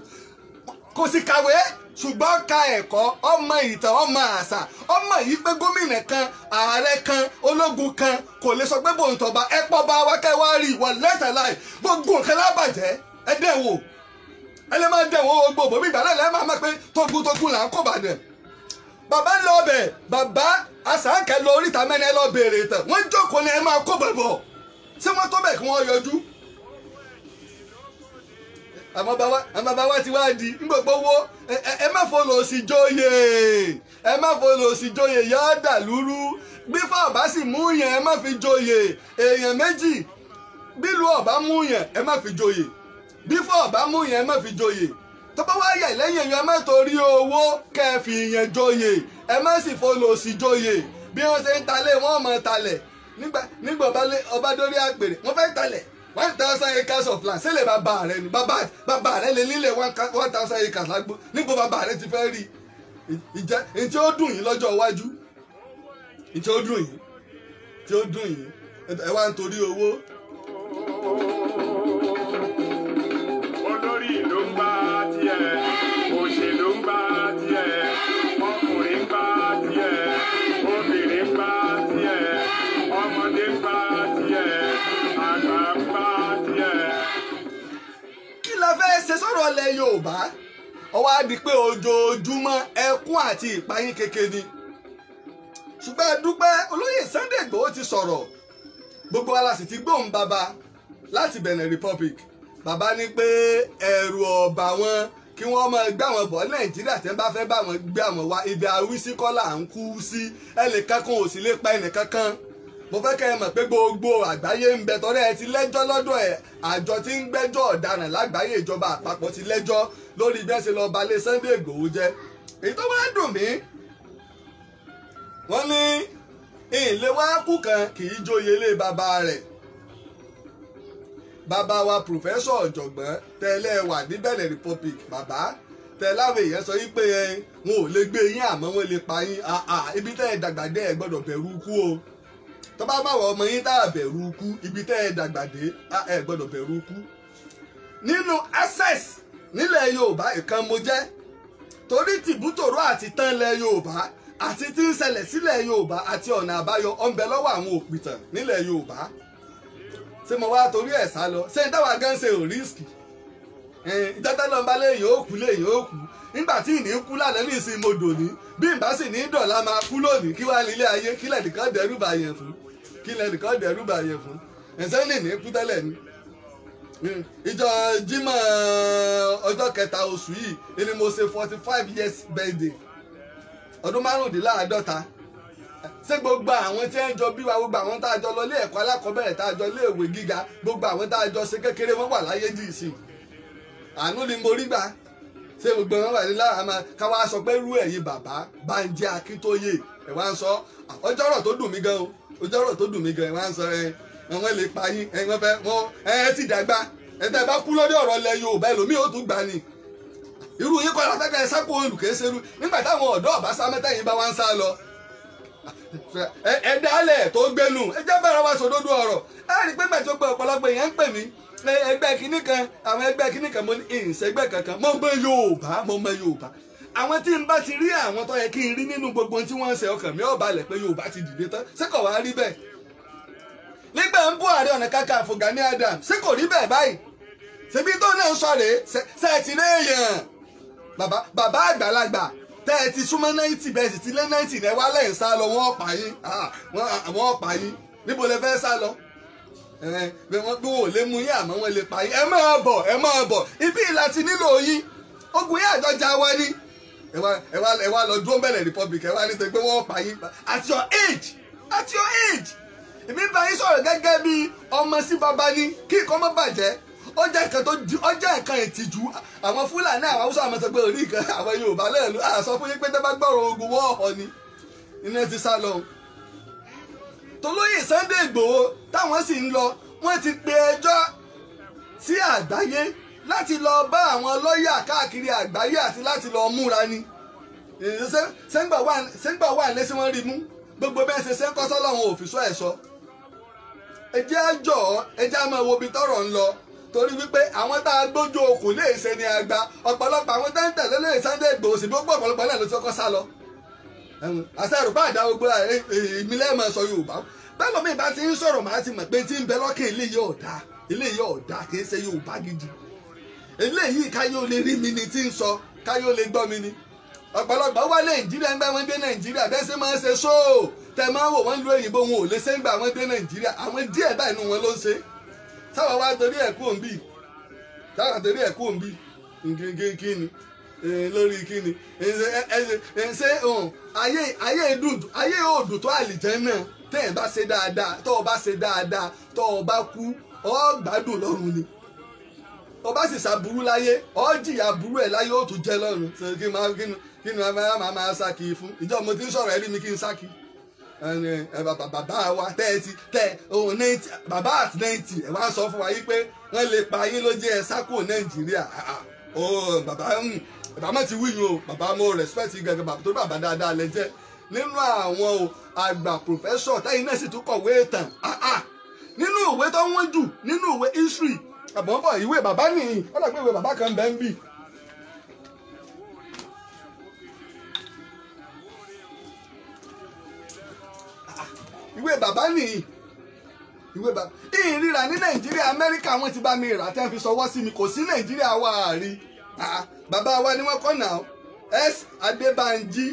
kò sì kàwé ṣùgbọ́n ka ẹ̀kọ́ ọmọ ìtàn ọmọ àṣà ọmọ yìí pé gómìnà kan ààrẹ kan ológun kan kò lè sọ pé bòun tọba ẹ pọ́ bá wa kẹ́ wá rí ìwọ lẹ́tà láì gbogbo nǹkan lábàjẹ́ ẹ dẹ̀wò ẹ lè máa dẹ̀wò gbogbo bòmí ìgbàlẹ̀ lẹ́ẹ̀ máa mọ̀ pé togun togun là ń kó bàdẹ̀ bàbá lọ bẹ̀ bàbá àṣàkẹ́ lọ oríta mẹ́rin lọ bèèrè ìtàn wọ́n jókòó ni ẹ máa kó bàbọ̀ ṣé wọ́n tó bẹ̀ kí wọ́n yọjú àwọn bàbá wa ti wá di ń gbogbo wo ẹ má fọlọ sí jóyè ẹ má fọlọ sí jóyè yá dàlúrú gbífọ ọba sì mú yẹn ẹ má fi jóyè èèyàn méjì bílù ọba mú yẹn ẹ má fi jóyè bífọ ọba mú yẹn ẹ má fi jóyè tọ́pọ̀ wá yà lẹ́yìn èèyàn ẹ má torí owó kẹfì yẹn jóyè ẹ má sì fọlọ sí jóyè bí wọ́n ṣe ń talẹ̀ wọ́n mọ̀ talẹ̀ nígbà ọba dórí àpèrè wọ́n fẹ́ talẹ̀ one thousand acres of land sílẹ̀ bàbá rẹ ni bàbá bàbá rẹ lè nílẹ̀ one thousand acres lágbo níbo bàbá rẹ ti fẹ́ rí ìjẹ́ ntí ó dùn yín lọ́jọ́ iwájú ntí ó dùn yín tí ó dùn yín ẹ wá ń torí owó. olórí ló ń bá tiẹ̀ òṣèlú ń bá tiẹ̀. ṣe sọ̀rọ̀ ilẹ̀ Yorùbá ó wá di pé ojoojúmọ́ ẹkún àti ìpayín kékeré ni ṣùgbọ́n ẹ dúpẹ́ olóyè Sunday Igboho ti sọ̀rọ̀ gbogbo wa la sì ti gbóhùn bàbá láti Benin Republic bàbá ní pé ẹ̀rù ọ̀bà wọn kí wọ́n máa gbé àwọn bọ̀ nàìjíríà tẹ́ ń bá fẹ́ bá wọn gbé àwọn wá ibi àwísí kọ́ là ń kú sí ẹnìkankan ò sì lè pa ẹnìkankan. mo fẹ́ kẹ́ ẹ mọ̀ pé gbogbo àgbáyé ń bẹ tọ́lẹ́ ẹ ti lẹ́jọ́ lọ́dọ̀ ẹ̀ àjọ tí ń gbẹ́jọ́ ọ̀daràn lágbàáyé ìjọba àpapọ̀ ti lẹ́jọ́ lórí bí ẹ ṣe lọ balẹ̀ Sunday jẹ́ wọ́n ní kú kan kì í lé bàbá rẹ̀ bàbá wa ọ̀jọ̀gbọ́n tẹ́lẹ̀ wà Republic bàbá sọ wọn ò lè yín àmọ́ wọn lè pa tó bá máa wọ ọmọ yín tá a bẹ̀rù ukú ibi tẹ́ ẹ dàgbà dé ẹ gbọ́dọ̀ bẹ̀rù ukú nínú access nílẹ̀ yorùbá ìkan mo jẹ́ torí tìbútòrò àti tán ilẹ̀ yorùbá àti tí ń ṣẹlẹ̀ sílẹ̀ yorùbá àti ọ̀nà àbáyọ ọ̀nbẹ lọ́wọ́ àwọn òpìtàn nílẹ̀ yorùbá ṣé mo wá torí ẹ̀ sá lọ ṣé dáwà gan ṣe ò rísìkì Eh, tẹ́tẹ́ náà bá léèyàn ó kú léèyàn kú nígbà tí ìní kú lánàá ní ìsìn modò ní bí ìbá sì ní dọ̀la máa kú lónìí kí wàá nílé ayé kílẹ̀ lẹ́nìkan dẹ́rù bà yẹn fún kí ní kú ni. Eh, ìjọ ọjọ kẹta oṣù yìí mo ṣe forty five years birthday ọdún márùndínláàádọ́ta ṣé gbogbo àwọn tí jọ bí gbogbo àwọn tá a jọ lọ ilé ẹ̀kọ́ alákọ̀ọ́bẹ̀rẹ̀ gbogbo àwọn tá a jọ ṣe kékeré wà àánú ni mo rí gbà ṣé gbogbo wọn wà ní lára máa ká wá sọ pé rú ẹ̀yin bàbá Bánjí Akíntóyè ẹ̀ wá ń sọ ọjọ́rọ̀ tó dùn mí gan o ọjọ́rọ̀ tó dùn mí gan ẹ̀ wá ń sọ wọn lè pa dàgbà bá kú lórí ọ̀rọ̀ lẹ bá wá ń sá lọ ẹ tó gbẹnu ẹ wá ẹ rí i pé mẹ́tò pé ọ̀pọ̀lọpọ̀ èèyàn ẹgbẹ́ kínní kan àwọn ẹgbẹ́ kínní kan mo ní ìǹsẹ́gbẹ́ kankan mo mọ Yorùbá mo mọ Yorùbá àwọn tí n bá ti rí àwọn tó yẹ kí n rí nínú gbogbo tí wọ́n ń ṣe ọkàn mi ò balẹ̀ pé Yorùbá ti dìde tán ṣé kò wá rí bẹ́ẹ̀ nígbà ń bú Ààrẹ Ọ̀nà Kakanfò Gani Adam ṣé kò rí bẹ́ẹ̀ báyìí ṣebí tó náà sọ rèé ṣe é ti léèyàn bàbá bàbá àgbàlagbà tẹ́ ẹ ti súnmọ́ náìtì bẹ́ẹ̀ sì ti lé náìtì rẹ̀ wálẹ̀ ń sá lọ wọ́n ọ̀pá ah, wọ́n ọ̀pá níbo lẹ fẹ́ sá lọ bí wọ́n gbé wò lé mu yín àmọ́ wọ́n lè pa yín ẹ máa bọ̀ ẹ máa bọ̀ ibi ìlà ti nílò yín ogun yín àjọjà wa ni ẹ wá lọ dúró bẹ̀rẹ̀ republic ẹ wá nítorí pé wọ́n pa yín at your age at your age èmi bá yín sọ̀rọ̀ gẹ́gẹ́ bí ọmọ sí baba ni kí nǹkan má bàjẹ́ ó jẹ́ nǹkan tó di ó jẹ́ nǹkan ìtìjú àwọn fúlàní àwọn haúsá àmọ́ sọ pé orí nǹkan àwọn yorùbá lẹ́yìn ló àsọ fún yín pé tẹ́ bá gbọ́rọ̀ ogun wọ́ọ̀họ́ ni iná ti sá lọ́hùn tolóyè Sunday Ìgbòho táwọn sì ń lọ wọ́n ti pe ẹjọ́ sí àgbáyé láti lọ bá àwọn lọ́ọ̀yà káàkiri àgbáyé àti láti lọ múra ni sẹ́ńgbà wà lẹ́sìn wọn rí mú gbogbo bẹ́ẹ̀ ṣe sẹ́ńkọ́ sọ́lọ́run òfìsọ́ ẹ̀ṣọ́ ẹ jẹ́ àjọ ẹ jẹ́ àmọ́ wo ibi tọ́rọ̀ ń lọ torí wípé àwọn tá a gbójú okùn lè ṣe ni àgbà ọ̀pọ̀lọpọ̀ àwọn tẹ́ńtẹ̀ lọ́lọ́yè Sunday Ìgbòho sì gbogbo ọ̀pọ̀lọpọ̀ náà ló ti kọ́kọ́ sá lọ àṣàrò bá àdá gbogbo èmi lẹ́ẹ̀mọ sọ yorùbá báwo mi bá ti ń sọ̀rọ̀ màá ti mọ̀ pé tí ń bẹ lọ́kàn eléyìí ọ̀dà eléyìí ọ̀dà kì í ṣe yorùbá gidi eléyìí káyọ̀ lè rí mi ni tí ń sọ káyọ̀ lè gbọ́ mi ni ọ̀pọ̀lọpọ̀ wá nàìjíríà ń gbà wọ́n dé nàìjíríà bẹ́ẹ̀ ṣe máa ń ṣe sóò tẹ máa ń wò wọ́n lu òyìnbó wọn ò lè ṣe ń gbà wọ́n dé nàìjíríà àwọn díẹ̀ báyìí nu wọn ló ń ṣe táwọn wá torí ẹ̀kú òǹbí táwọn torí ẹ̀kú òǹbí nkékéké ni Eh, lórí kíni eh, eh, ṣe oh, ayé dùn ayé òdùn tó àlìjẹ́ náà tẹ́ ẹ̀ bá ṣe dáadáa tọ́ ọ bá ṣe dáadáa tọ́ ọ bá kú ọ gbádùn lọ́run ni ọba sì ṣàbúrú láyé ọ jìyà burú ẹ̀ láyé ó tún jẹ́ lọ́run kí ni kí ni máa máa ṣáàkì fún ìjọ mo ti ń sọ̀rọ̀ ẹ rí mi kí n ṣáàkì bàbá wa tẹ́ẹ̀tì tẹ́ òun oh, nẹ́ẹ̀tì bàbá àti nẹ́ẹ̀tì ẹ̀ wá sọ fún wa yìí pé wọ́n lè pa yín ló jẹ́ ẹ sákò nàìjíríà ah, ah, oh, bàbá hmm, bàbá má ti wíyùn o bàbá mo respect gẹ́gẹ́ bàbá torí bàbá dáadáa lẹ jẹ́ nínú àwọn àgbà professor táyìn náà sì tún kọ̀wé ìtàn ah, ah. nínú ìwé tó wọ́n jù nínú ìwé history àbọ̀nbọ̀ ìwé bàbá nìyí ó dàgbé ìwé bàbá kan bẹ́ẹ̀ ń bì ah, ìwé bàbá nìyí ìwé bàbá ìrìnrà ní nàìjíríà amẹ́ríkà wọ́n ti bá mi rà tẹ́ fi sọwọ́ sí mi kò sí nàìjíríà wà á rí i. Ah, bàbá wa ni wọ́n kọ́ náà s adébánjí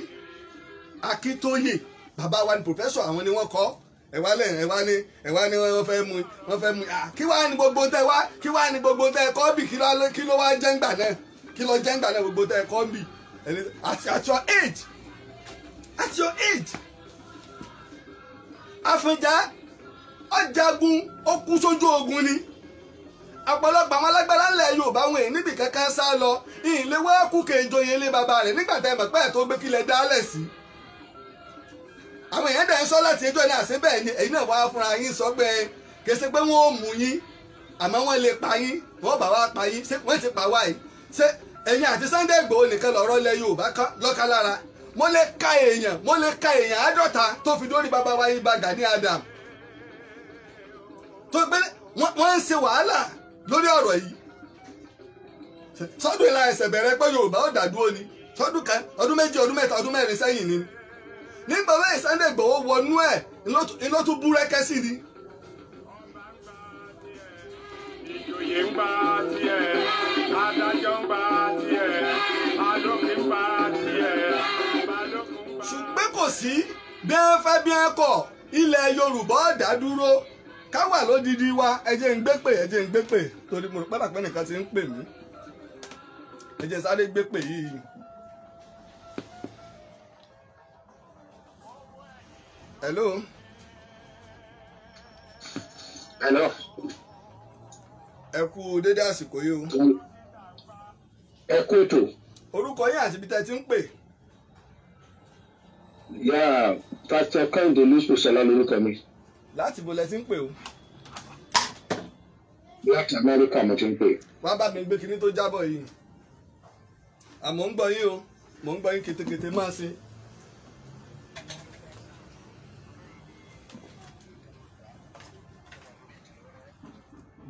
akíntóyè bàbá wa ni pòfẹ́sọ̀ àwọn ni wọ́n kọ́ ẹ̀wá lẹ̀ ẹ̀wá ni ẹ̀wá ni wọ́n fẹ́ mu wọ́n fẹ́ mu ah, kí wàá ní gbogbo tẹ wá kí wàá ní gbogbo tẹ kọ́ bì kí ló wá jẹ́ ńgbà náà kí ló jẹ́ ńgbà náà gbogbo tẹ kọ́ bì at your age at your age Àfọ̀njá ó jagun ó kú sójú ogun ni ọ̀pọ̀lọpọ̀ àwọn alágbára ńlẹ̀ Yorùbá wọn èyí níbi kankan sá lọ ìyìn lé wá kú kéjoyè ilé bàbá rẹ̀ nígbà tẹ́ mọ̀ pé ẹ̀tọ́ gbé kílẹ̀ dálẹ̀ sí. àwọn èèyàn dẹ̀ ń sọ láti ẹjọ́ ní àṣẹ bẹ́ẹ̀ ni èyí náà wá fúnra yín sọ pé kèsì pé wọ́n ò mú yín àmọ́ wọ́n lè pa yín wọ́n bá wá pa yín wọ́n ti pa wá yìí ṣé ẹ̀yin àti Sunday Igboho nìkan lọ̀rọ̀ lẹ Yorùbá lọ́ka lára mo lè ka èèyàn mo lè ka èèyàn àádọ́ta tó fi dórí wa yín Gani Adam tó pé wọ́n ń ṣe wàhálà lórí ọ̀rọ̀ yìí sọ́dún ìlà ẹsẹ̀ bẹ̀rẹ̀ pé yorùbá ó dàdúró ni sọ́dún kan ọdún méjì ọdún mẹ́ta ọdún mẹ́rin sẹ́yìn ni nígbà wẹ́ẹ̀ Sunday Igboho wọnú ẹ̀ iná tún búrẹ́kẹ́ sí ni. ìjòyè ń ṣùgbọ́n kò sí bí wọ́n fẹ́ bí wọ́n kọ̀ ilẹ̀ yorùbá ó dàdúró ká wà lódìdí wa ẹ jẹ́ ń gbé pè ẹ jẹ́ ń gbé pè torí mo rò pálapẹ́ nìkan ti ń pè mí ẹ sáré gbé pè yìí. hello. hello. ẹ kú dédé àsìkò yìí o. ẹ kú ètò. orúkọ yín àti ibi tẹ́ ti ń pè. yáa pásítọ̀ kẹ́hìndé lóṣù sọlá lórúkọ mi láti bo lẹ ti ń pè o. láti amẹ́ríkà mo ti ń pè. wọ́n bá mi gbé kinní tó jábọ̀ yìí àmọ́ ń gbọ́ yín o mò ń gbọ́ yín ketekete máa ṣe.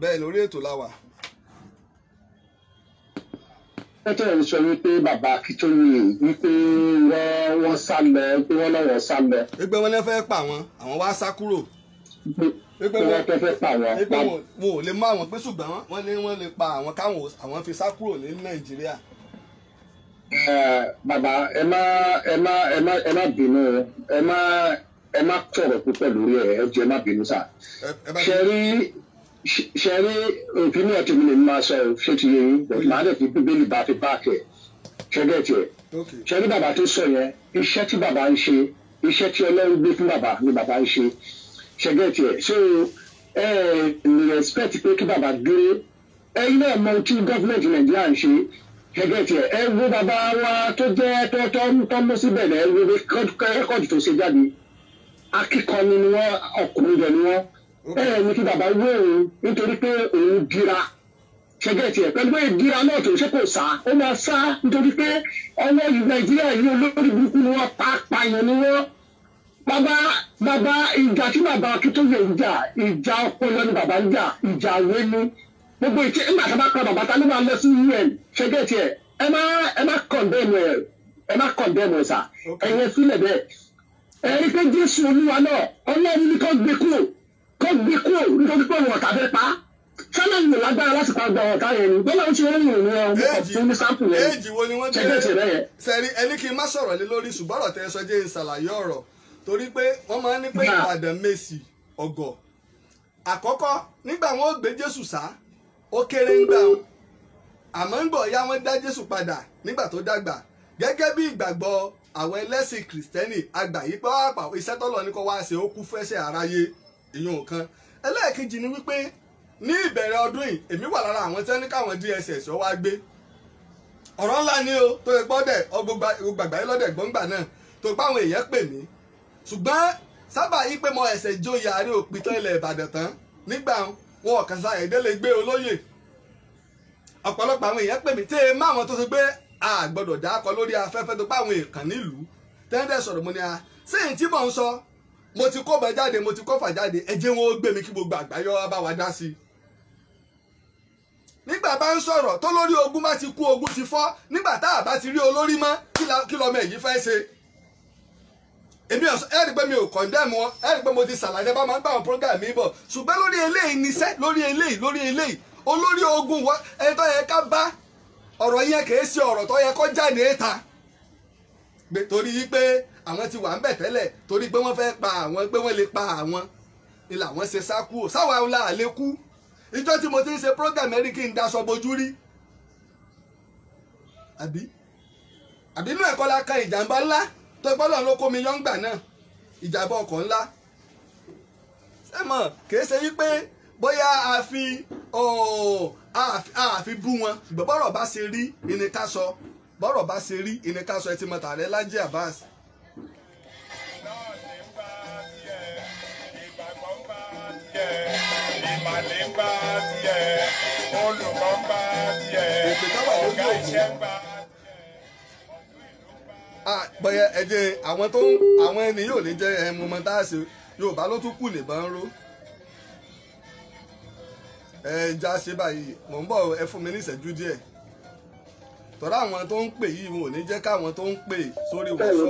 bẹ́ẹ̀ lórí ètò la wà. pẹ́tẹ́ ń sọ wípé bàbá Akíntóyè wípé wọ́n sá lọ wípé wọ́n lọ́wọ́ sá lọ. ẹgbẹ́ wọn lè fẹ́ pa wọn àwọn wá sá kúrò pé wọ́n tó fẹ́ pa àwọn. pé wọn ò lè mú àwọn pé ṣùgbọ́n wọ́n ní wọ́n lè pa àwọn káwọn àwọn fi sá kúrò ní nàìjíríà. Eh, bàbá ẹ má ẹ má ẹ má ẹ má bínú ẹ má ẹ má kọ̀rọ̀ púpọ̀ lórí ẹ̀ ẹ jẹ́ má bínú sá. ṣe rí ṣe rí òfin náà tèmi lè máa sọ ṣé ti yẹ yín màá dẹ̀ fi bíbélì bá fi páàkì ẹ̀ ṣe bẹ́ẹ̀ tiẹ̀ ṣe rí bàbá tó sọ yẹn iṣẹ́ tí bàbá ń ṣe iṣẹ́ tí ọlọ́run gbé fún bàbá ni bàbá ń ṣe ṣẹgẹtì ẹ so ẹ respect pé kí bàbá dúró ẹ̀yin náà mọ tí gọọmenti nàìjíríà ń ṣe ṣẹgẹtì ẹ ẹ wo bàbá wa tó jẹ tọtọ tọmọ síbẹ̀ náà ẹ wo rẹkọdì tó ṣe jáde akíkanni ni wọn ọkùnrin rẹ ni wọn ẹ ẹ ní kí bàbá wó òun nítorí pé òun dira ṣẹgẹtì ẹ pẹ̀lú pé ìdíra náà tó ṣe kò sá ó máa sá nítorí pé ọwọ́ nàìjíríà yìí olórí burúkú ni wọ́n pa apààyàn ni wọ́n baba bàbá ìjà tí baba akíntóye ń jà ìjà ọpọlọ ni baba ń jà ìjà àwẹ ni gbogbo ìtì nígbà tí a bá kọ bàbá tá ló máa lọ sí un ṣẹgẹtì ẹ ẹ má ẹ má kọndẹmù ẹ ẹ má kọndẹmù ẹ sà ẹyẹ sílẹ̀ bẹ́ẹ̀ ẹ rí pé jésù olúwa náà ọlọ́run ní kó gbé kúrò kó gbé kúrò nítorí pé wọn ọ̀tá fẹ́ pa á sálà ń lò lágbára láti pa gba ọ̀tá yẹn ni bọ́lá ń ṣe ń rìn ọmọ fún ní sáàpù yẹn ṣẹgẹtì rẹ yẹn. sẹ́ni ẹni kí n má sọ̀rọ̀ lé lórí ṣùgbọ́n ọ̀rọ̀ tẹ́ sọ jẹ́ ìṣàlàyé ọ̀rọ̀ torí pé wọ́n máa ń ní pé Ìbàdàn mèsì ọ̀gọ̀ àkọ́kọ́ nígbà wọn ò gbé Jésù sá ó kéré ń gbà wọn àmọ́ ń gbọ̀ ya wọ́n dá Jésù padà nígbà tó dàgbà gẹ́gẹ́ bí ìgbàgbọ́ àwọn ẹlẹ́sìn kìrìsìtẹ́nì àgbà yìí pé wàá pàwọ́ iṣẹ́ tọ́lọ́ ní kó wá ṣe ó kú fẹ́ṣẹ̀ aráyé ìyún kan ẹlẹ́ẹ̀kejì ni wípé ní ìbẹ̀rẹ̀ ọdún yìí èmi wà lára àwọn tẹ́ni káwọn DSS ọ wá gbé ọ̀rọ̀ ńlá ni o tó yẹ gbọ́dẹ̀ ọgbọgbàgbà yìí lọ́dẹ̀ gbọ́ngbà náà tó gbáwọn èèyàn pè mí ṣùgbọ́n sábà yí pé mo ẹ̀sẹ̀ joyè àárẹ̀ òpìtàn ilẹ̀ ìbàdàn tán nígbà wọn kàn sáyẹ̀ délé gbé olóyè ọ̀pọ̀lọpọ̀ àwọn èèyàn pè mí tẹ́ ẹ má àwọn tó ti gbé àgbọ̀dọ̀ dákọ lórí afẹ́fẹ́ tó pa àwọn èèkàn nílùú tẹ́ńdẹ̀ sọ̀rọ̀ mo ní a sẹ́yìn tí mò ń sọ mo ti kó bẹ jáde mo ti kó fà jáde ẹ jẹ́ wọn ó gbé mi kí gbogbo àgbáyọ wa bá wa dá sí i nígbà bá ń sọ̀rọ̀ tó lórí ogun bá ti kú ogun ti fọ́ nígbà tá a bá ti rí olórí mọ́ kí lọ́mọ èyí fẹ́ ṣe èmi ọ̀sán ẹ̀rí pé mi ò kọ̀ndẹ́mù wọn ẹ̀rí pé mo ti ṣàlàyé bá máa ń bá àwọn program mi bọ̀ ṣùgbọ́n lórí eléyìí níṣẹ́ lórí eléyìí lórí eléyìí olórí ogun wa, ẹni tó yẹ ká bá ọ̀rọ̀ yẹn kì í ṣe ọ̀rọ̀ tó yẹ kó jáde ta torí pé àwọn ti wà ń bẹ̀ tẹ́lẹ̀ torí pé wọ́n fẹ́ pa àwọn pé wọ́n lè pa àwọn ni làwọn ṣe sá kú ò sáwọn àwọn làálẹ́ kú ìjọ tí mo ti ń ṣe program ẹ̀rí kí n daṣọ bojú rí àbí àbí inú ẹ̀kọ́ la kan ìjàmbá ńlá tọ́gbọ́lọ́ ló kó mi yọ́ngbà náà ìjàmbá ọkọ̀ ńlá sẹ́mọ̀ kìí ṣe wípé bóyá a fi a fi bú wọn ṣùgbọ́n bọ́rọ̀ bá ṣe rí ìní ká sọ bọ́rọ̀ bá ṣe rí ìní ká sọ ẹ ti mọ tààrẹ Lájí Abbas. ìpè ká wà lójú òkú bọ́yẹ ẹ̀jẹ̀ àwọn tó ń àwọn ẹni yóò lè jẹ́ ẹmu mọ tá Yorùbá ló tún kù nìbọn ró ẹ já ṣe báyìí mò ń bọ̀ ẹ eh, fún mi ní ìṣẹ́jú díẹ̀ tọ́lá àwọn tó ń pè yìí wọn ò ní jẹ́ káwọn tó ń pè sórí wọ́n sọ.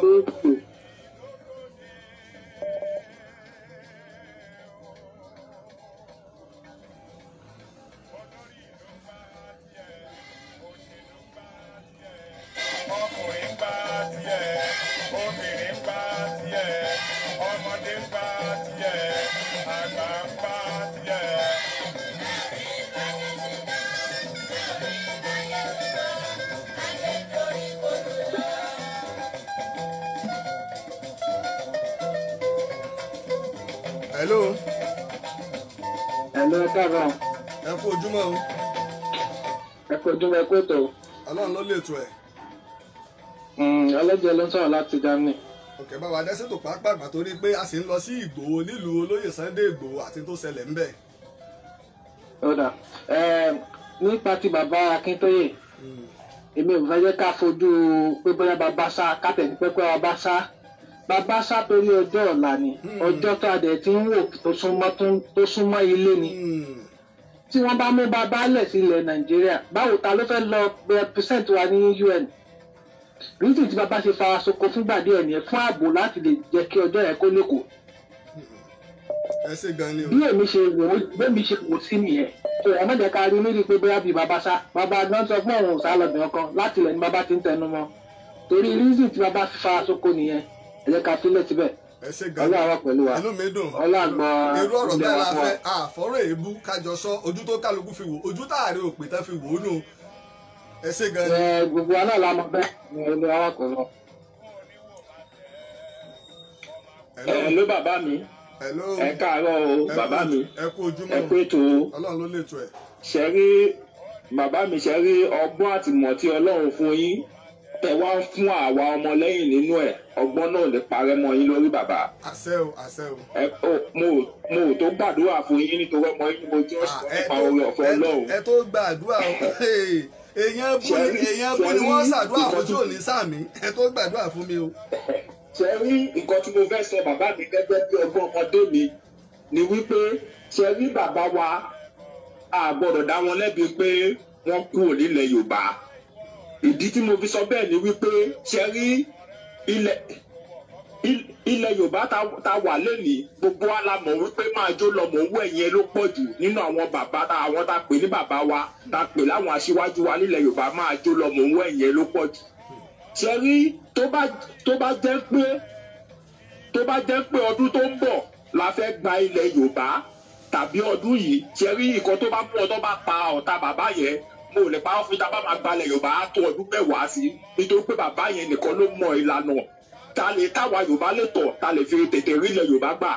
gan. ẹ kú ojúmọ́ o. ẹ kú ojúmọ́ ẹ kú ètò. ọlọ́run ló lè tu ẹ̀. Hmm, ọlọ́jẹ ló ń sọ̀rọ̀ láti Germany. òkè bá wa dẹ́sẹ̀ tó pàápàá gbà torí pé a sì ń lọ sí Ìgbòho nílùú olóyè Sunday Ìgbòho àti tó ṣẹlẹ̀ ń bẹ̀. ọ̀dà nípa ti bàbá Akíntóyè hmm. èmi ò fẹ́ jẹ́ ká fojú pé bóyá bàbá sá kápẹ̀ ní pẹ́pẹ́ bàbá sá bàbá sábẹ ní ọjọ́ ọ̀la ni hmm. ọjọ́ tó adẹ tí ń wò tó súnmọ́ ilé ni hmm. tí wọ́n bá mú bàbá lẹ̀ sí ilẹ̀ nàìjíríà báwo ta ló fẹ́ lọ represent wa ní UN rídì tí bàbá ṣe fara soko fúngbà díẹ̀ nìyẹn fún ààbò láti lè jẹ́ kí ọjọ́ yẹn kó lẹ́kọ̀ọ́ bí èmi ṣe wò ó bẹ́ẹ̀mi ṣe wò sí nìyẹn tó ẹ̀ mọ̀jẹ̀ ká rí níbi pé bóyá bíi bàbá sá bàbá náà sọ fún ọ̀run sálọ̀bì ọkàn láti ilẹ̀ ni bàbá ti ń tẹnu mọ́ torí rídì tí bàbá fi fara soko nìyẹn ẹ jẹ́ ká tún lé síbẹ̀ ọlá wa pẹ̀lú wa inú mi dùn ọlá gbọ́ irú ọ̀rọ̀ bẹ́ẹ̀ la fẹ́ àfọ́rọ̀ èébú kájọ sọ ojú tó kálukú fi wò ojú táàrí òpè tán fi wò ó nù ẹ ṣe gan ni. gbogbo wa náà la mọ bẹ́ẹ̀ ni ilé wa kò lọ. hello bàbá mi ẹ káàárọ̀ o bàbá mi ẹ kú ojúmọ́ ẹ kú ètò o ọlọ́run bàbá mi ṣe ọgbọ́n àtìmọ̀ tí ọlọ́run fún yín tẹ wá ń fún àwa ọmọlẹ́yìn nínú ẹ̀ ọgbọ́n náà lè parẹ́ mọ́ yín lórí bàbá. àṣẹ o àṣẹ o. ẹ o mo mo tó gbàdúrà fún yín nítorí ọmọ yín mo tí wọ́n sì pa orí ọ̀fẹ́ Ọlọ́run. ẹ tó gbàdúrà o èèyàn bú ni èèyàn bú ni wọ́n ṣàdúrà fún tí ò ní sàmì ẹ tó gbàdúrà fún mi o. ṣe rí nǹkan tí mo fẹ́ sọ bàbá mi gẹ́gẹ́ bí ọgbọ́n ọmọdé mi ni wípé ṣe rí bàbá wa a dá wọn lẹ́bi pé wọ́n kú òní ilẹ̀ Yorùbá ìdí tí mo fi sọ bẹ́ẹ̀ ni wípé ṣe rí ilẹ̀ ilẹ̀ yorùbá ta wà lónìí gbogbo wa la mọ̀ wípé máa jó lọ mọ̀ owó ẹ̀yìn ló pọ̀ jù nínú àwọn bàbá ta àwọn ta pè ní bàbá wa ta pè láwọn aṣíwájú wa nílẹ̀ yorùbá máa jó lọ mọ̀ owó ẹ̀yìn ló pọ̀ jù. ṣe rí tó bá jẹ́ pé tó bá jẹ́ pé ọdún tó ń bọ̀ la fẹ́ gba ilẹ̀ yorùbá tàbí ọdún yìí ṣe rí nǹkan tó bá mú ọ tó bá pa ọ̀tá bàbá yẹn mo lè pa fún tábà máa gbalẹ̀ yorùbá á tó ọdún mẹ́wàá sí nítorí pé bàbá yẹn nìkan ló mọ ìlànà ta lè táwa yorùbá lè tọ̀ ta lè fi tètè rí ilẹ̀ yorùbá gbà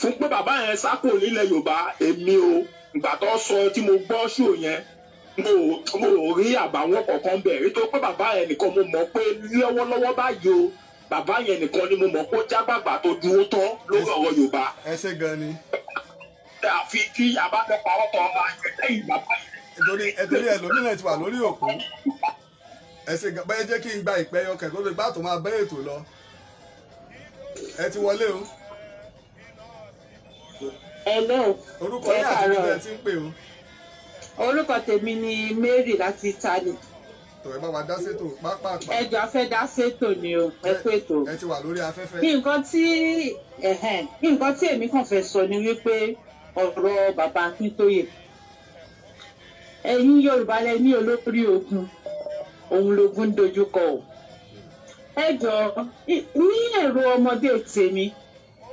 fún pé bàbá yẹn sákò nílẹ̀ yorùbá èmi o ìgbà tó sọ tí mo gbọ́ ṣó yẹn mo mo rí àbàwọ́n kọ̀ọ̀kan bẹ̀ nítorí pé bàbá yẹn nìkan mo mọ̀ pé lọ́wọ́lọ́wọ́ báyìí o bàbá yẹn nìkan ni mo mọ̀ kó jágbàgbà tó dúró tán lórí ọ̀rọ̀ yorùbá. ẹ ṣe gan ni. àfi kí abáfẹ́ parọ́ tán máa ń gbẹ́lẹ́yìn bàbá yẹn nítorí ẹtẹlẹ ẹlòmílẹ ti wà lórí òkú ẹsẹ bẹẹ jẹ́ kí n gba ìpẹ ọkẹ tó lè gbà tó máa bẹ ètò lọ ẹ ti wọlé o. ẹ̀lọ́ orúkọ yẹn àti ibi ẹ ti ń pè o. orúkọ tèmi ni Mary láti Italy. tó ẹ bá wa dá sétò pápápá. ẹjọ afẹ́ dá sétò ni o ẹ kú ètò. ẹ ti wà lórí afẹ́fẹ́. nǹkan tí nǹkan tí èmi kàn fẹ́ sọ ni wípé ọ̀rọ̀ bàbá Akíntóyè ẹ̀yin yorùbá lẹ ní olórí ogun òun lógun dojúkọ o ẹ jọ ní èrò ọmọdé tèmi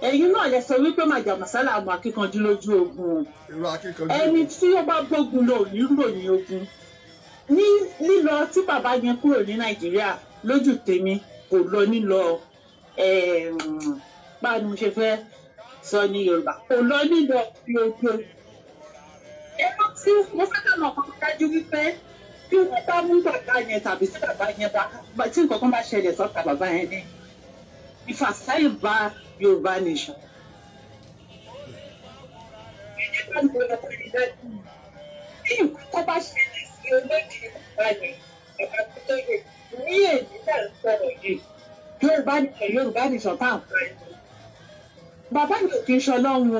ẹ̀yin náà lẹ sọ wípé màjà màsálà àwọn akíkanjú lójú ogun o ẹni tí ó bá gbógun lò ní ròyìn ogun ní lílọ tí bàbá yẹn kúrò ní nàìjíríà lójú tèmi kò lọ nílọ báwo ni mo ṣe fẹ́ sọ ní yorùbá kò lọ nílọ bí ojú tí mo fẹ́ ká mọ̀ kan dájú wípé bí wọ́n bá mú bàbá yẹn tàbí tí bàbá yẹn bá tí nǹkan kan bá ṣẹlẹ̀ sọ́ta bàbá yẹn ní ìfàsẹ́yìn bá Yorùbá nation. ìyẹn bá mi lọ pé ìdájú bí nǹkan kan bá ṣẹlẹ̀ sí olóògbé bàbá yẹn bàbá tó tóye ní èyí náà sọ̀rọ̀ yìí Yorùbá nation Yorùbá nation tá à ń pẹ́. bàbá mi ò kì í ṣọlọ́run o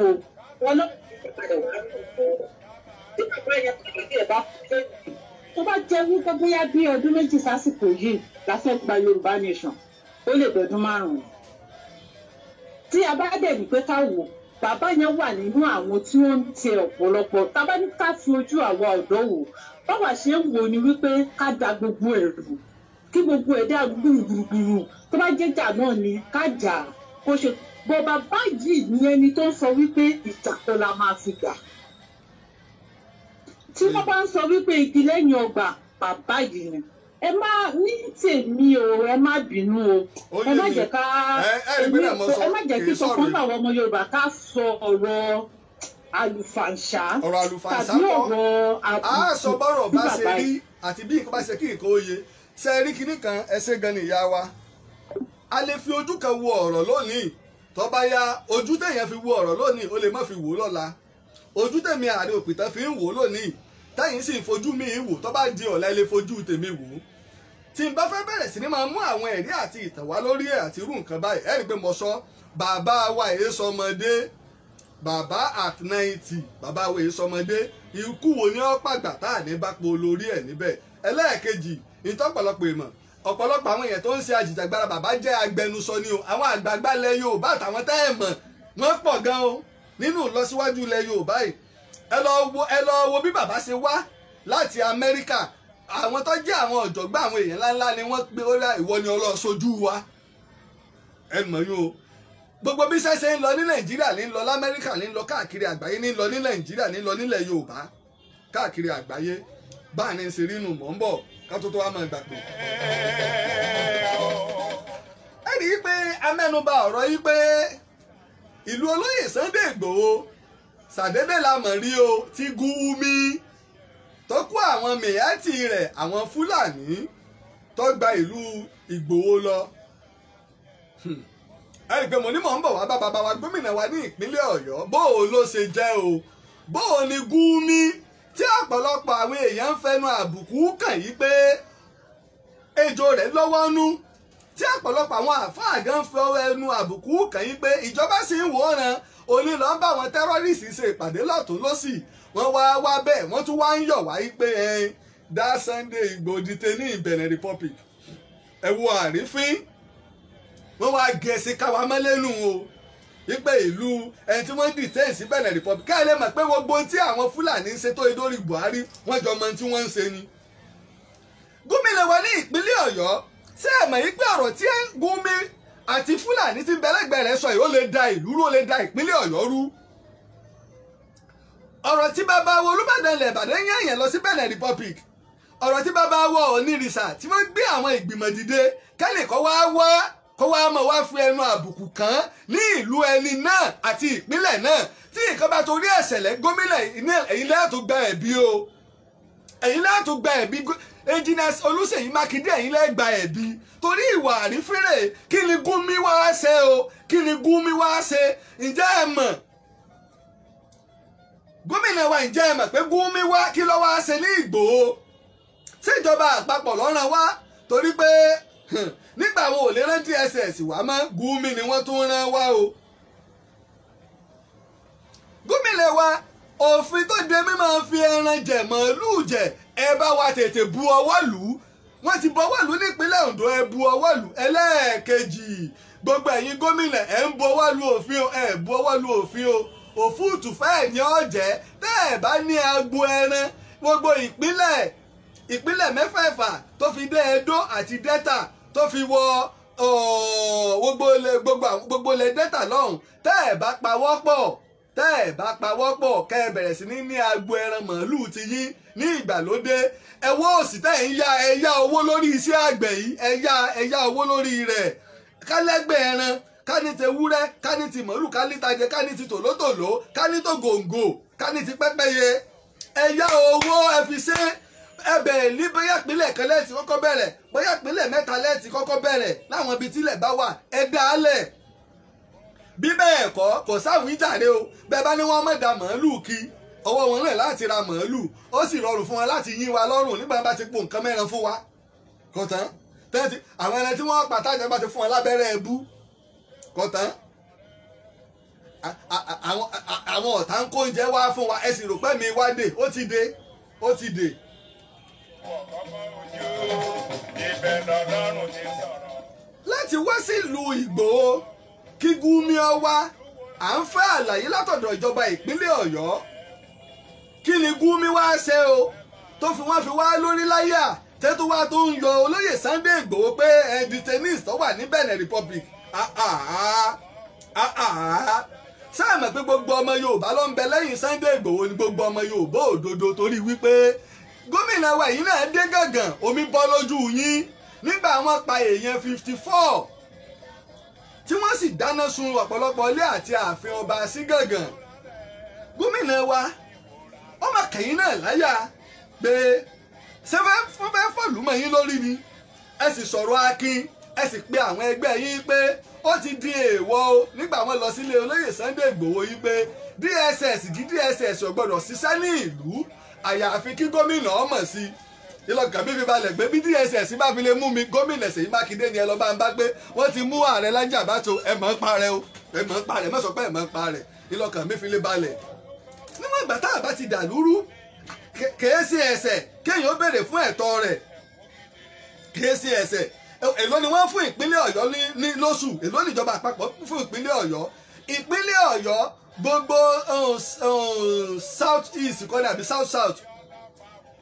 wọn lọ́wọ́ ti padà wá lọ́wọ́ tí bàbá yẹn tó kéde ẹ̀ bá fẹ́ tó bá jẹ́ wípé bóyá bí ọdún méjì sásìkò yìí la fẹ́ gba Yorùbá nation ó lè dọdún márùn-ún tí a bá dẹ̀ rí pé ká wò bàbá yẹn wà nínú àwọn tí wọ́n ń tẹ ọ̀pọ̀lọpọ̀ tábà ní ká fi ojú àwa ọ̀dọ́ wò báwa ṣe ń wò ni wípé ká da gbogbo ẹ̀rù kí gbogbo ẹ̀dá gbùrùgbùrù tó bá jẹ́ jà náà ni ká jà kó ṣe bọ̀ bàbá yìí ni ẹni tó ń sọ wípé ìjà kọ́ la máa fi gbà tí wọ́n bá ń sọ wípé igi lẹ́yìn ọgbà bàbá yìí ni ẹ má ní tèmi o ẹ má bínú o ẹ má jẹ́ ká ẹ má jẹ́ kí sọkàn táwọn ọmọ Yorùbá ká sọ ọ̀rọ̀ àlùfàǹṣá tàbí ọ̀rọ̀ àbùkù bí bàbá yìí àti bí nǹkan bá ṣe kí nǹkan ó yé ṣe rí kinní kan ẹsẹ gan ni ìyá wa a lè fi ojú kan wo ọ̀rọ̀ lónìí tó bá ojú téèyàn fi wo ọ̀rọ̀ lónìí ó lè má fi wò ó lọ́la ojú tèmi àárín òpìtàn fi ń wò lónìí táyìn sì ń fojú mi wò tó bá di ọ̀la ilé fojú tèmi wò ó tí n bá fẹ́ bẹ̀rẹ̀ sí ni máa mú àwọn ẹ̀rí àti ìtàn wá lórí ẹ̀ àti irú nǹkan báyìí ẹ̀rí pé mo sọ bàbá wa èé e sọmọdé bàbá at ninety bàbá wa èé e sọmọdé ikú wo ni ó pàgbà tá à ní bá po lórí ẹ̀ níbẹ̀ ẹlẹ́ẹ̀kejì ìtọ́pọ̀lọpọ̀ ìmọ̀ ọ̀pọ̀lọpọ̀ àwọn èèyàn tó ń ṣe àjìjàgbara bàbá jẹ́ agbẹnusọ ni o àwọn àgbààgbà lẹ Yorùbá àtàwọn tẹ́ ẹ̀ mọ̀ wọ́n pọ̀ gan o nínú ìlọsíwájú ilẹ̀ yorùbá yìí ẹ lọ wo ẹ lọ wo bí bàbá ṣe wá láti amẹ́ríkà àwọn tó jẹ́ àwọn ọ̀jọ̀gbọ́n àwọn èèyàn ńláńlá ni wọ́n pe ó rà ìwọ ni ọlọ́ọ̀ṣojú wa ẹ mọ̀ yín o gbogbo bí sẹ́sẹ́ ń lọ ní nàìjíríà ní lọ lamẹ́ríkà ní lọ káàkiri àgbáyé ní lọ ní nàìjíríà ní lọ nílẹ̀ yorùbá káàkiri àgbáyé bá a ní ṣe rí nù mọ́ ń bọ̀ ká tó tó wá máa gbà pé. ẹ rí i pé amẹ́nubà ọ̀rọ̀ yìí pé ìlú olóyè Sunday Ìgbòho sàdédé la mọ̀ rí o ti gun umi tó kó àwọn mìíràtì rẹ̀ àwọn fúlàní tó gba ìlú Ìgbòho lọ hmm. ẹ rí i pé mo ní mò ń bọ̀ wá bá bàbá wa gómìnà wa ní ìpínlẹ̀ Ọ̀yọ́ bóò ló ṣe jẹ́ o bóò ni gúnmi tí ọ̀pọ̀lọpọ̀ àwọn èèyàn ń fẹnu àbùkù kàn yí pé ejò rẹ̀ lọ́wọ́ tí ọ̀pọ̀lọpọ̀ àwọn àfáà gan fọ ẹnu àbùkù kàn yín pé ìjọba sì ń wòran òní lọ́n bá àwọn tẹ́rọ́rìsì ṣe ìpàdé lọ́tún lọ́sì wọ́n wá wá bẹ́ẹ̀ wọ́n tún wá ń yọ̀ wáyé pé dá Sunday Igboho dìde ní Benin Republic ẹ wo àrífín wọ́n wá gẹ̀ẹ́sì káwa mọ́lẹ́nu o wípé ìlú ẹni tí wọ́n dìtẹ́yìn sí Benin Republic ká lè mọ̀ pé gbogbo tí àwọn Fúlàní ń ṣe tó idórí Buhari wọ́n jọ mọ tí wọ́n ń ṣe ni gómìnà wa ìpínlẹ̀ Ọ̀yọ́ ṣé ẹ mọ̀ yìí pé ọ̀rọ̀ tí Gumi àti Fúlàní ti ń bẹ̀lẹ́gbẹ̀ẹ́ rẹ̀ sọ yìí ó lè da ìlú rú ó lè da ìpínlẹ̀ Ọ̀yọ́ rú ọ̀rọ̀ tí bàbá wo Olúbàdàn ilẹ̀ Ìbàdàn yẹn yẹn lọ sí Benin Republic ọ̀rọ̀ tí bàbá wo Onírìṣà tí wọ́n gbé àwọn ìgbìmọ̀ dìde kẹ́lẹ̀ kọ́ wá wá kó wá mọ̀ wá fi ẹnu àbùkù kàn ní ìlú ẹni náà àti ìpínlẹ̀ náà tí nǹkan bá torí ẹ̀ṣẹ̀lẹ̀ gómìnà ilé tó gba ẹ̀bí o ẹ̀yin láti gba ẹ̀bí engineer olùsèyí mákindé ẹ̀yin lẹ́ gba ẹ̀bí torí ìwà àrífínrè kí ni gúnmi wá ṣe o kí ni gúnmi wá ṣe ǹjẹ́ ẹ mọ̀ gómìnà wa ǹjẹ́ ẹ mọ̀ pé gúnmi wá kí ló wá ṣe ní ìgbòho síjọba àpapọ̀ lọ́ràn wá torí pé nígbà wo ò lè rán DSS wá mọ́ gúnmi ni wọ́n tún rán wá o gómìnà wa òfin tó de mí máa fi ẹran jẹ màálùú jẹ ẹ bá wa tètè bu ọwọ́ lù ú wọ́n ti bọwọ́ lù nípínlẹ̀ Ondo ẹ bu ọwọ́ lù ẹlẹ́ẹ̀kejì gbogbo ẹ̀yin gómìnà ẹ̀ ń bu ọwọ́ lù òfin o ẹ̀ bu ọwọ́ lù òfin o òfúùtù fẹ́ẹ̀ ní ọ̀jẹ́ bẹ́ẹ̀ bá ní agbo ẹran gbogbo ìpínlẹ̀ ìpínlẹ̀ mẹ́fẹ̀ẹ̀fà tó fi dé Ẹdó àti Delta tó fi wọ gbogbo ilẹ̀ Delta lọ́hùn tẹ́ ẹ̀ bá pawọ́ pọ̀ tẹ́ ẹ̀ bá pawọ́pọ̀ kẹ́ ẹ bẹ̀rẹ̀ sí ní ní agbo ẹran màálù ti yín ní ìgbàlódé ẹwọ́ òsì tẹ́ ẹ̀ ń ya ẹ̀yà owó lórí iṣẹ́ àgbẹ̀ yìí ẹ̀yà ẹ̀yà owó lórí rẹ̀ kálẹ́gbẹ̀ ẹran kání ti wúrẹ́ kání ti màálù kání tajẹ kání ti tòlótòló kání tó gòǹgò kání ti pẹ́pẹ́yẹ ẹ̀yà owó ẹ fi ṣe ẹbẹ̀ ní bóyá ìpínlẹ̀ kan lẹ́ẹ̀tì kọ́kọ́ bẹ̀rẹ̀ bóyá ìpínlẹ̀ mẹ́ta lẹ́ẹ̀tì kọ́kọ́ bẹ̀rẹ̀ láwọn ibi tílẹ̀ bá wà ẹ dáálẹ̀ bí bẹ́ẹ̀ kọ́ kò sáwíjàre o bẹ́ẹ̀ bá ní wọ́n mọ̀dà màálù kí ọwọ́ wọn náà láti ra màálù ó sì rọrùn fún wọn láti yín wa lọ́rùn nígbà bá ti po nǹkan mẹ́ran fún wa kọ̀tán tẹ́tí àwọn ẹran tí wọ́n pàtàkì bá ti fún wọn lábẹ́rẹ́ ẹbú kọ̀tán àwọn ọ̀tá ń kó oúnjẹ wá fún wa ẹ rò pé mi wá dé ó ti dé ó ti dé. láti wá sílùú Ìgbòho kí Gumi ọwá à ń fẹ́ àlàyé látọ̀dọ̀ ìjọba ìpínlẹ̀ Ọ̀yọ́ kí ni Gumi wá ṣe o tó fi wọ́n fi wá lórí láyà tẹ́tù wá tó ń yọ olóyè Sunday Ìgbòho pé ẹ̀ẹ́dì tennis tó wà ní Benin Republic sáàmù ah, ah, ah, pé gbogbo ọmọ Yorùbá ló ń bẹ lẹ́yìn Sunday Ìgbòho ni gbogbo ọmọ Yorùbá òdodo torí wípé gómìnà wa yìí náà dé gàngàn omi bọ́ lójú yín nígbà wọ́n pa èèyàn fifty four tí wọ́n sì dáná sun ọ̀pọ̀lọpọ̀ ilé àti ààfin ọba sí gàngàn gómìnà wa ó mà kẹ́yìn náà láyà pé ṣé wọ́n fẹ́ yín lórí ni ẹ sì sọ̀rọ̀ akin ẹ sì pe àwọn ẹgbẹ́ yín pé ó ti di èèwọ̀ o nígbà wọn lọ sílé olóyè Sunday Ìgbòho yìí pé DSS di DSS ò gbọdọ̀ ṣiṣẹ́ ní ìlú àyàfi kí gómìnà ọmọ sí i ìlọkàn bíbí balẹ̀ gbé bí DSS bá fi lè mú mi gómìnà Ṣèyí Mákindé ni ẹ lọ bá ń bá gbé wọ́n ti mú ààrẹ Laji Abato ẹ mọ̀ ń parẹ́ o ẹ mọ̀ ń parẹ́ mọ̀ sọ pé ẹ mọ̀ ń parẹ́ ìlọkàn mi fi lè balẹ̀ níwọ̀n ìgbà tá a bá ti dà lúrú kèé sí ẹsẹ̀ kéèyàn ó béèrè fún ẹ̀tọ́ rẹ̀ kèé sí ẹsẹ̀ èló ni wọ́n fún ìpínlẹ̀ Ọ̀yọ́ ní lóṣù èló níjọba àpapọ̀ fún ìpínlẹ̀ Ọ̀yọ́ ìpínlẹ̀ Ọ̀yọ́ gbogbo uh, uh, south east kọ́ni south south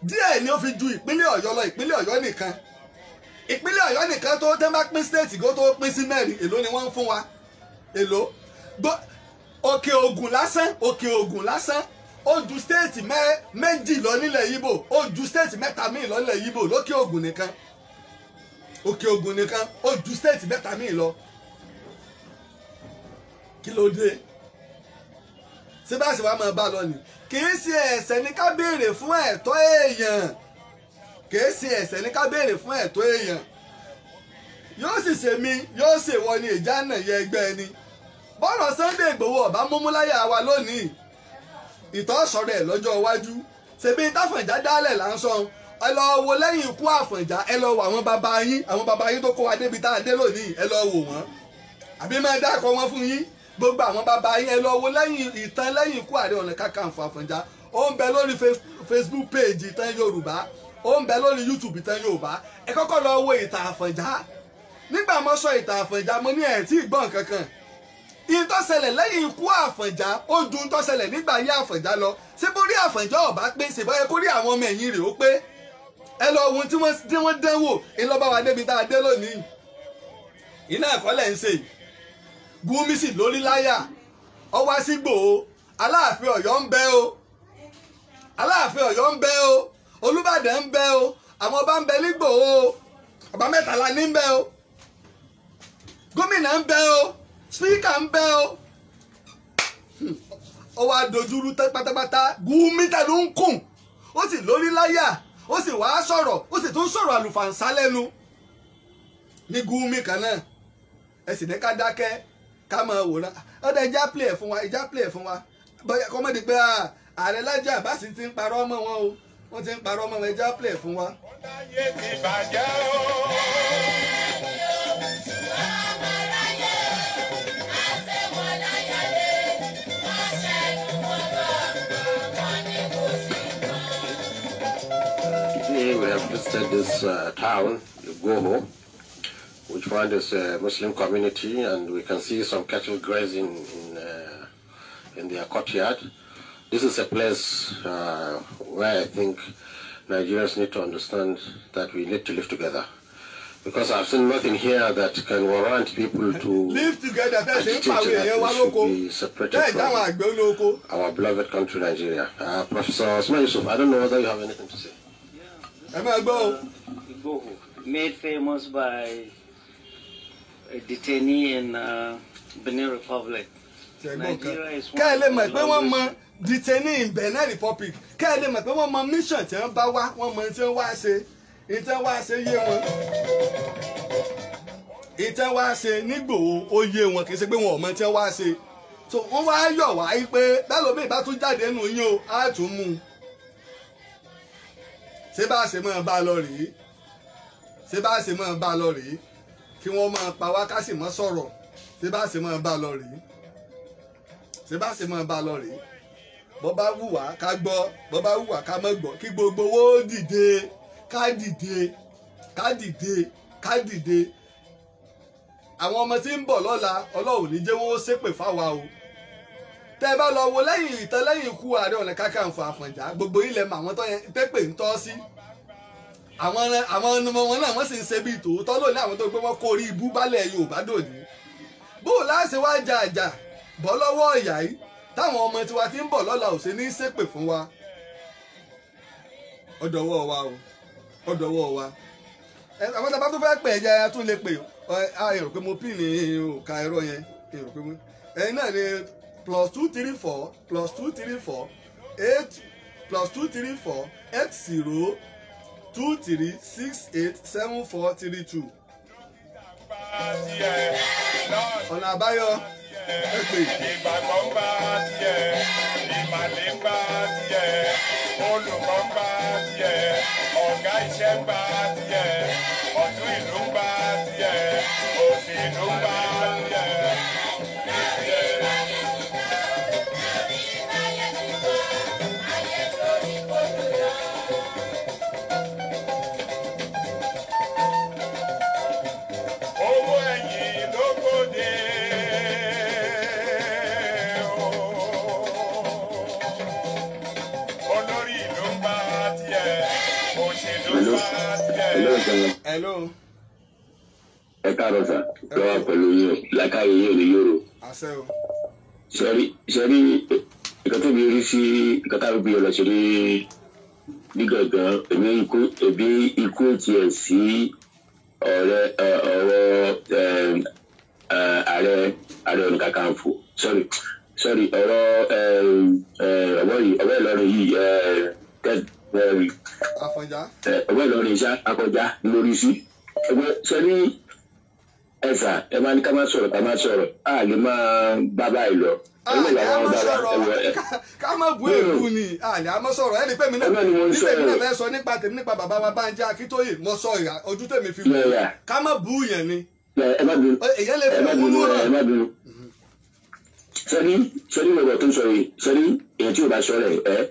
díẹ̀ ni ó fi ju ìpínlẹ̀ ọ̀yọ́ lọ ìpínlẹ̀ ọ̀yọ́ nìkan ìpínlẹ̀ ọ̀yọ́ nìkan tó tẹ́ bá pín stéètì kó tó pín sí mẹ́rin èló ni wọ́n ń fún wa èló òkè ògùn lásán òkè ògùn lásán ó ju stéètì méjì lọ nílẹ̀ yíbò ó ju stéètì mẹ́ta míì lọ nílẹ̀ yíbò lókè ògùn nìkan òkè ògùn nìkan ó ju stéètì mẹ́ta míì lọ kí ló dé síbáṣe wa máa bá lọ nìyí kìí ṣe ẹ̀ṣẹ̀ ní ká béèrè fún ẹ̀tọ́ èèyàn kìí ṣe ẹ̀ṣẹ̀ ní ká béèrè fún ẹ̀tọ́ èèyàn yóò sì ṣe mí yóò ṣe wọ ni ìjà náà yẹ ẹgbẹ́ ẹni bọ́rọ̀ Sunday Ìgbòho ọ̀bá múmúláyà wa lónìí ìtọ́sọ̀rọ̀ ẹ̀ lọ́jọ́ iwájú ṣebí táfànjá dálẹ̀ là ń sọ ẹ lọ wo lẹ́yìn ikú àfànjá ẹ lọ wo àwọn baba yín àwọn baba yín tó kó wa débi tá a dé lónìí ẹ lọ wò wọ́n àbí máa dákọ̀ wọn fún yín gbogbo àwọn bàbá yín ẹ lọ wo lẹ́yìn ìtàn lẹ́yìn ikú Ààrẹ Ọ̀nà Kakanfò Àfọ̀njá ó ń bẹ lórí Facebook page ìtàn Yorùbá ó ń bẹ lórí YouTube ìtàn Yorùbá ẹ kọ́kọ́ lọ wo ìtàn Àfọ̀njá nígbà mo sọ ìtàn Àfọ̀njá mo ní ẹ̀ tí ì gbọ́n kankan ìyìn tó ṣẹlẹ̀ lẹ́yìn ikú Àfọ̀njá ó ju ohun tó ṣẹlẹ̀ nígbà yí Àfọ̀njá lọ ṣé bórí Àfọ̀njá ọ̀bá pé ṣèbá yẹ kó rí àwọn ọmọ ẹ̀yìn rẹ̀ ó pé ẹ lọ ohun tí wọ́n dánwò ńlọ́bàwá débi tá a dé lónìí iná ẹ̀kọ́ lẹ́ ń ṣe yìí Gumi sì lórí láyà ó wá sí Ìgbòho aláàfin Ọ̀yọ́ ń bẹ o aláàfin Ọ̀yọ́ ń bẹ o Olúbàdàn ń bẹ o àwọn ọba ń bẹ l'Ígbòho o ọba mẹ́tàlá ní ń bẹ o gómìnà ń bẹ o spíkà ń bẹ o ó wá pátápátá Gumi tẹnu ń kùn ó sì lórí láyà ó sì wá sọ̀rọ̀ ó sì tún sọ̀rọ̀ àlùfàǹsá lẹ́nu ní Gumi kan náà ẹ sì ní ká dákẹ́ ká máa wòran ọ̀dà ìjà play fún wa ìjà play fún wa bóyá kọ́mọ́dé pé ah, ààrẹ Laji Abbas ti ń parọ́ mọ́ wọn o wọ́n ti ń parọ́ mọ́ wọn ìjà play fún wa. ọ̀dà we have visited this uh, town, Goho, which find is a Muslim community, and we can see some cattle grazing in, uh, in their courtyard. This is a place uh, where I think Nigerians need to understand that we need to live together. Because I've seen nothing here that can warrant people to live together. That's that we should be separated from our beloved country, Nigeria. Uh, Professor Osman Yusuf, I don't know whether you have anything to say. Yeah, this is, uh, made famous by a detainee in uh, Benin Republic. Nigeria is one of the wọ́n mọ detainee in Benin Republic ká ẹ lè mọ̀ pé wọ́n mọ mission tí wọ́n bá wá wọ́n mọ tí wọ́n wá ṣe ìtẹ́ wá ṣe yé wọn ìtẹ́ wá ṣe nígbòho ó yé wọn kì í ṣe pé wọn ò mọ tí wá ṣe so wọ́n wá yọ̀ wá yí pé bẹ́lómi ìbá tún jáde nù yín o á tún mú un ṣé bá a ṣe máa bá lọ rèé ṣé bá a ṣe máa bá lọ rèé kí wọ́n máa pa wá ká sì mọ́ sọ̀rọ̀ ṣé bá ṣe máa bá lọ rèé ṣé bá ṣe máa bá lọ rèé bọ́ bá wù wá ká gbọ́ bọ́ bá wù wá ká má gbọ́ kí gbogbo owó dìde ká dìde ká dìde ká dìde àwọn ọmọ tí ń bọ̀ lọ́la ọlọ́run ní jẹ́ wọ́n ṣépè fáwa o tẹ́ ẹ bá lọ wo lẹ́yìn ìtàn lẹ́yìn ikú ààrẹ ọ̀nà kakanfò àfọ̀njá gbogbo ilẹ̀ mọ̀ àwọn ń tọ́ sí àwọn àwọn ọmọ wọn náà wọ́n sì ń ṣe bíi tòótọ́ lónìí àwọn tó gbé wọn kórí ibú bálẹ̀ yorùbá dòní bóò láṣẹ wá jà àjà bọ́ lọ́wọ́ ìyá yìí táwọn ọmọ tiwa ti ń bọ̀ lọ́la ò ṣe ní í ṣépè fún wa ọdọ̀wọ́ wa o ọdọ̀wọ́ wa àwọn tàbá tó fẹ́ pè ẹ̀yà tún lè pè ẹ̀rọ pé mo pín ní òkà ẹ̀rọ yẹn ẹ̀rọ pé mo ẹ̀yin náà ni plus two three four plus two three four eight plus two three four eight zero two three six eight seven four three two. ọ̀nà àbáyọ ẹ pè. ìgbàgbọ́ ń bá tiẹ̀ ìmàlẹ́ ń bá tiẹ̀ olùkọ́ ń bá tiẹ̀ ọ̀gá iṣẹ́ ń bá tiẹ̀ ọ̀tún ìlú ń bá tiẹ̀ òsì ìlú ń bá tiẹ̀. hello. ẹ káàárọ̀ sà lọ́wọ́ pẹ̀lú yín o lákàyè yín ò ní yòrò. àṣẹ o. sẹ́rí sẹ́rí nǹkan tó bí rí sí nǹkan táwọn bí ọ̀la ṣe rí ní gangan èmi ikú èmi ikú tiẹ̀ sí ọ̀rẹ́ ọ̀rọ̀ ààrẹ ààrẹ ọ̀nà kakanfò sọ́rí sọ́rí ọ̀rọ̀ ọ̀wọ́ Ìlọrin yìí bẹ́ẹ̀ni. Afọjá. ẹgbẹ́ Ìlọrin iṣẹ́ akọjá lórí sí. ẹgbẹ́ sẹ́ni ẹ̀sà ẹ máa ní ká máa sọ̀rọ̀ ká máa sọ̀rọ̀ á lè máa bá báyìí lọ. àlè àmọ́ sọ̀rọ̀ ká má bu èlú ni àlè àmọ́ sọ̀rọ̀ ẹni pé mi náà nípa mi náà fẹ́ sọ nípa tèmi nípa bàbá wa Bánjí Akíntóyè mo sọ ìyá ojú tèmi fi wò ká má bu yẹn ni. ẹ má bínú ẹ má bínú ẹ má bínú sẹ́ni sẹ́ni lọ́gọ̀ tó ń sọ yìí sẹ́ni èyí tí ò bá sọ rẹ̀ ẹ́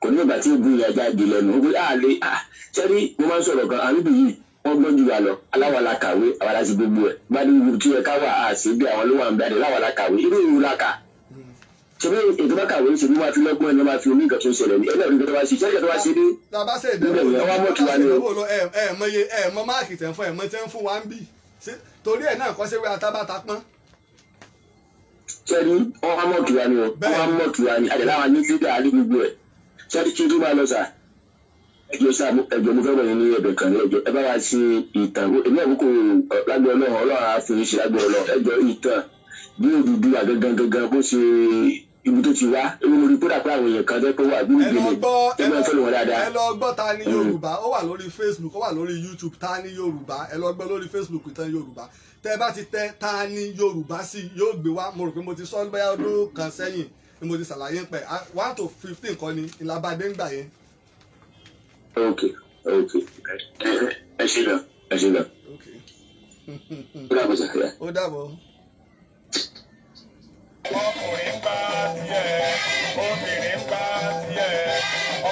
kò ní bàbá tí ó bu ìyá jáde ah, lẹ́nu ó ah, gbé à lè à sẹ́rí mo máa ń sọ̀rọ̀ kan àríbí yìí wọ́n gbọ́n jù wá lọ aláwa la kàwé àwa la gbogbo ẹ̀ bá ní ibi tí ẹ ká wà á sí bí àwọn ló wà ń bẹ̀rẹ̀ láwa la kàwé irú ìlú la kà sẹ́mi ètò bá kàwé ṣe ni wọ́n fi lọ́gbọ́n ẹni máa fi omi nǹkan tó ṣẹlẹ̀ ní ẹgbẹ́ òdìgbò tó bá ṣe sẹ́yìn tó bá ní. tàbá ṣe ìdánwò mọ̀ tí wá o. ẹ ẹ mọye ẹ mọ máàkì tẹ̀ fún ni ọ ọmọ mọ̀tìwá sẹ́ni kí n tó máa lọ sà ẹjọ́ sà ẹjọ́ mo fẹ́ wọ̀nyí ní ẹ̀bẹ̀ kan ní ẹjọ́ ẹ bá wa ṣe ìtàn èmi àkókò lágbẹ́ ọlọ́run ọlọ́run á fi ṣe lágbẹ́ ọlọ́run ẹjọ́ ìtàn bí òdùdú àgangan gangan bó ṣe ibi tó ti wá ewu mo rí kódà pé àwọn èèyàn kan tẹ́pẹ́ wà bíi ìgbìmọ̀ ẹ máa fẹ́ ẹ lọ gbọ́ ta ni yorùbá ó wà lórí facebook ó wà lórí youtube ta ni yorùbá ẹ lọ gbọ́ lórí facebook ìtàn yorùbá tẹ bá ti tẹ ta ni yorùbá sí yóò gbé wá mo rò pé mo ti sọ ọ́ bóyá ọdún kan sẹ́yìn ni mo ti ṣàlàyé pẹ̀ one to fifteen kọ́ ni ìlàbàdé ń gbà yẹn. ok ok ẹ ṣe lọ ẹ ṣe lọ. ó dàbọ̀ sàkàyà. ó dàbọ̀. ọkùnrin bá tiẹ̀ obìnrin bá tiẹ̀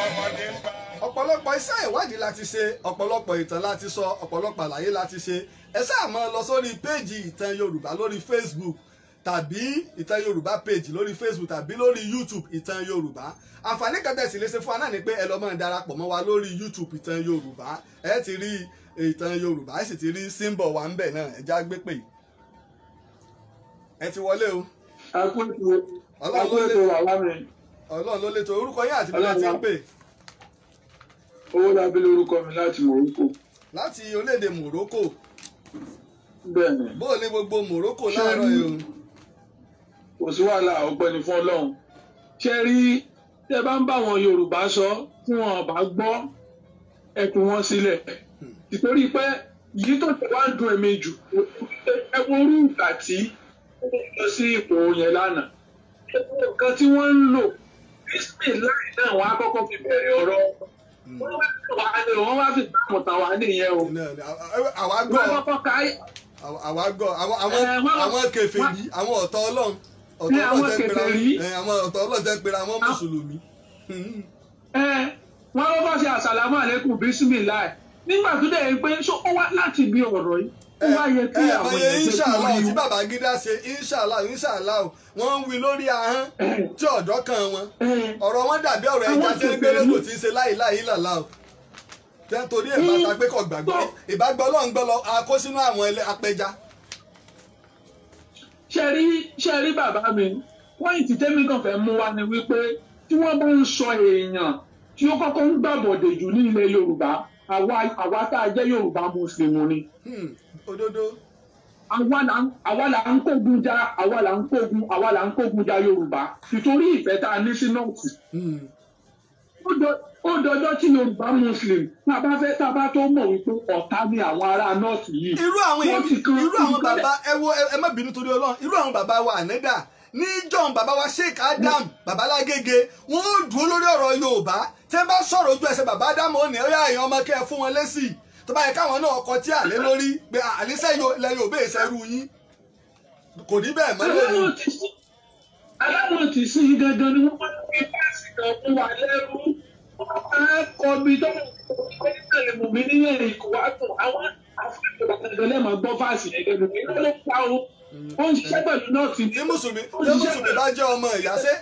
ọmọdé bá ọ̀pọ̀lọpọ̀ iṣẹ́ ìwádìí láti ṣe ọ̀pọ̀lọpọ̀ ìtàn láti sọ ọ̀pọ̀lọpọ̀ àlàyé láti ṣe ẹ sáà máa lọ sórí péèjì ìtàn Yorùbá lórí Facebook tàbí ìtàn yorùbá page lórí facebook tàbí lórí youtube ìtàn yorùbá àǹfààní kan tẹ̀sí léṣe fún wa náà ni pé ẹ lọ máa darapọ̀ mọ́ wa lórí youtube ìtàn yorùbá ẹ ti rí ìtàn yorùbá ẹ sì ti rí símbọ̀ wa ńbẹ̀ náà ẹ já gbé pè ẹ ti wọlé o. ọlọ́run ló lè tó orúkọ yín àti bílẹ̀ ti ń pè. Owólabí lórúkọ mi láti morocco. láti orílẹ̀-èdè morocco. bẹ́ẹ̀ ni. bó o ní gbogbo morocco láàárọ̀ yìí o kò sí wàhálà ọpẹ́ ni fún Ọlọ́run ṣe rí tẹ bá ń bá àwọn Yorùbá sọ tí wọn bá gbọ́ ẹkùn wọn sílẹ̀ nítorí pé yìí tó ti wá ń dùn èmi jù ẹ wo orú ìgbà tí wọ́n lọ sí ipò yẹn lánàá nǹkan tí wọ́n ń lò bísí láì náà wọ́n á kọ́kọ́ fi bẹ̀rẹ̀ ọ̀rọ̀ hmm. wọ́n wá fi dáàmú tàwa nìyẹn o. àwa gbọ́ àwa gbọ́ àwọn kèfèrí àwọn ọ̀tá Ọlọ́run ní àwọn kẹfẹ rí àwọn ọ̀tọ̀ ọlọ́jẹ́ pera wọn mùsùlùmí. ẹ wọn ló bá ṣe àsàlámù àlékún bísímìlá ẹ nígbà tó dẹ̀ pé ṣó ó wá láti bí ọ̀rọ̀ yìí ó wá yẹ kí àwọn èèyàn ṣe kúrò yìí. tí Babangida ṣe inṣàlá inṣàlá o wọ́n ń wí lórí ahọ́n tí ọ̀dọ́ kan wọn ọ̀rọ̀ wọn dàbí ọ̀rọ̀ ẹja tí ń gbélé kò tí ń ṣe láìláì làlá o tẹ́ torí ìbátan pé kò gbàgbọ́ ìbágbọ́ lọ́n gbọ́ lọ akó sínú àwọn apẹja ṣe rí ṣe rí bàbá mi pọ́ìntì tẹ́mi kan fẹ́ mú wa ni wípé tí wọ́n bá ń sọ èèyàn tí ó kọ́kọ́ ń gbàbọ̀dè jù ní ilẹ̀ Yorùbá àwa tá a jẹ́ Yorùbá mùsùlùmí ni. Hmm, òdodo. àwa là ń kógun ja àwa là ń kógun àwa là ń kógun ja Yorùbá nítorí ìfẹ́ tá a ní sí nọ́ọ̀tì ó dọjọ́ tí yorùbá muslim tá a bá fẹ́ tá a bá tó mọ̀ wípé ọ̀tá ni àwọn ará nọ́ọ̀sì yìí. irú àwọn irú àwọn bàbá ẹ wo ẹ má bínú torí ọlọ́run irú àwọn bàbá wa ànẹ́dà ní john bàbá wa sheik adam babalágége wọn ò dúró lórí ọ̀rọ̀ yorùbá tẹ́ bá sọ̀rọ̀ ojú ẹsẹ̀ bàbá adamu ó ní èèyàn ọmọ kẹ́ ẹ fún wọn lẹ́sìn tó bá yẹ káwọn náà kọ tí àlẹ́ lórí pé àlẹ́sẹ̀ ilẹ̀ yorùbá èsẹ̀ gangan ni wọ́n máa ń fi páàsì kan fún wa lẹ́rú á kọ bí tó pẹ́ẹ́sì lè mú mi nílẹ̀ ìkó wá tún àwọn afẹ́fẹ́ bàtàdé lẹ́ẹ̀ máa gbọ́ fáàsì ẹ̀gẹ́ lómi iná ló pa o ó ń ṣiṣẹ́ pẹ̀lú nọ́ọ̀sì. ní mùsùlùmí ní mùsùlùmí bá jẹ́ ọmọ ìyá ṣé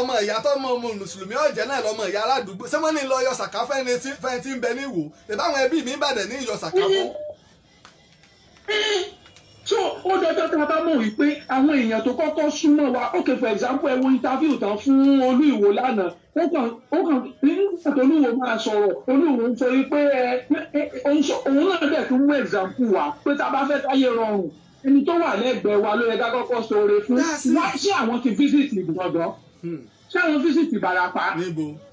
ọmọ ìyá tó mọ ọmọ mùsùlùmí ọ̀jẹ̀ náà lọ́mọ ìyá aládùúgbò ṣé wọ́n ní lọ yọ sàká fẹ́ni tí ń bẹ ní ìwò ìbáwọn ẹbí mi ń bàdẹ̀ ní ìyọ sàká fún so ó dandan tá a bá mọ̀ wípé àwọn èèyàn tó kọ́kọ́ súnmọ́ wa okay for example ẹ wo interview tán fún olú ìwò lánàá ó kàn ó kàn nígbà tó olúwo máa sọ̀rọ̀ olúwo ń sọ wípé ẹ òun náà dẹ̀ tún mú example wa pé tá a bá fẹ́ táyé rọrùn ẹni tó wà lẹ́gbẹ̀ẹ́ wa ló yẹ ká kọ́kọ́ sọ̀rọ̀ fún wá sí àwọn ti visit ìgbọ̀ngàn ṣáwọn fíṣítì ìbarapá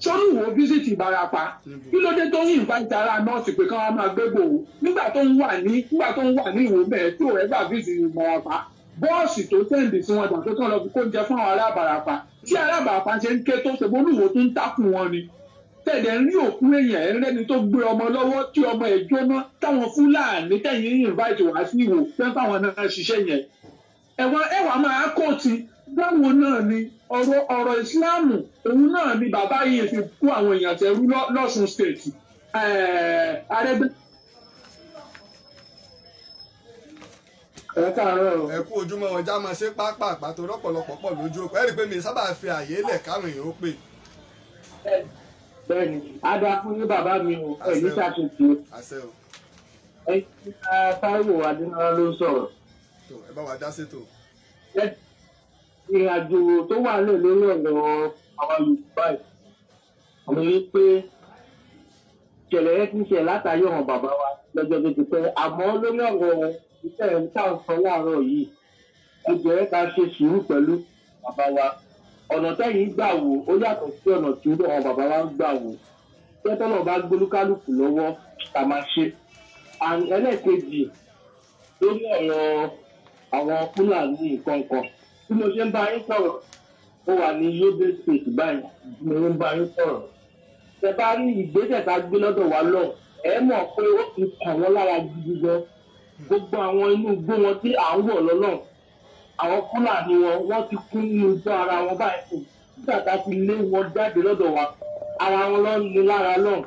sọ́nùwò fíṣítì ìbarapá kí ló dé tó ń invite ara nọ́ọ̀sì pé káwọn máa gbégbò ó nígbà tó ń wà ní nígbà tó ń wà ní ìwò bẹ́ẹ̀ tó rẹ̀ gbà fíṣítì ìbarapá bọ́ọ̀sì tó tẹ̀ǹdì sí wọn dàtó kán lọ fi kó jẹ fún àwọn alábarapá tí alábarapá ṣe ń ké tó ṣe bólúwo tó ń takùn wọn ni tẹ̀dẹ̀ ń rí òkú èèyàn ẹlẹ́ni tó gbé ọmọ lọ́wọ́ tí ọmọ ẹ̀ jóná táwọn fúlàní tẹ̀yìn invite wá sí ìwò fẹ́ fáwọn náà ṣiṣẹ́ yẹn ẹ̀wọ̀n ẹ̀wà máa kóòtì báwọn náà ni ọ̀rọ̀ ọ̀rọ̀ ìsìláàmù òun náà ni bàbá yìí fi kó àwọn èèyàn tẹ̀rú lọ́sùn stéètì eh, àrẹ́gbẹ́. ẹ o. ẹ kú ojúmọ́ ọjà máa ṣe pápá àpàtó lọ́pọ̀lọpọ̀ pọ̀ lójú ọkọ̀ ẹ rí i pé mi sábà fi àyè lẹ̀ káwọn èèyàn ó pè. bẹ́ẹ̀ni ada fún yín bàbá mi o pẹ̀lú ṣàtúntì o. ẹ ṣe ká Táíwò Adémọ́lá ló ń sọ̀rọ̀. ẹ bá wa dá sétò ìrìnàjò tó wà lè lórí ọ̀nà àwọn Yorùbá yìí àwọn yìí pé ìṣẹ̀lẹ̀ yẹn ti ń ṣẹlẹ̀ látàrí ọ̀hún bàbá wa lọ́jọ́ tó ti pẹ́ àmọ́ lórí ọ̀rọ̀ iṣẹ́ táwọn sọ láàárọ̀ yìí ẹ jẹ́ ká ṣe sùúrù pẹ̀lú bàbá wa ọ̀nà tẹ́yìn gbà wò ó yàtọ̀ sí ọ̀nà tí ọ̀hún bàbá wa ń gbà wò tẹ́tọ́nà bá gbólúkálùkù lọ́wọ́ ká máa ṣe ẹlẹ́ẹ̀kejì lórí ọ̀rọ̀ àwọn fúlàní nǹkan kan tí mo ṣe ń bá yín sọ̀rọ̀ mo wà ní Yobe state báyìí mo ń bá yín sọ̀rọ̀ tẹ bá rí ìgbésẹ̀ tá a gbé lọ́dọ̀ wa lọ ẹ mọ̀ pé ó ti kàn wọ́n lára gidi gan gbogbo àwọn inú igbó wọn tí à ń wọ̀ lọ́nà àwọn fúlàní wọn wọ́n ti kún ní ojú ara wọn báyìí kù nígbà tá a ti lé wọn jáde lọ́dọ̀ wa ara wọn lọ ní lára náà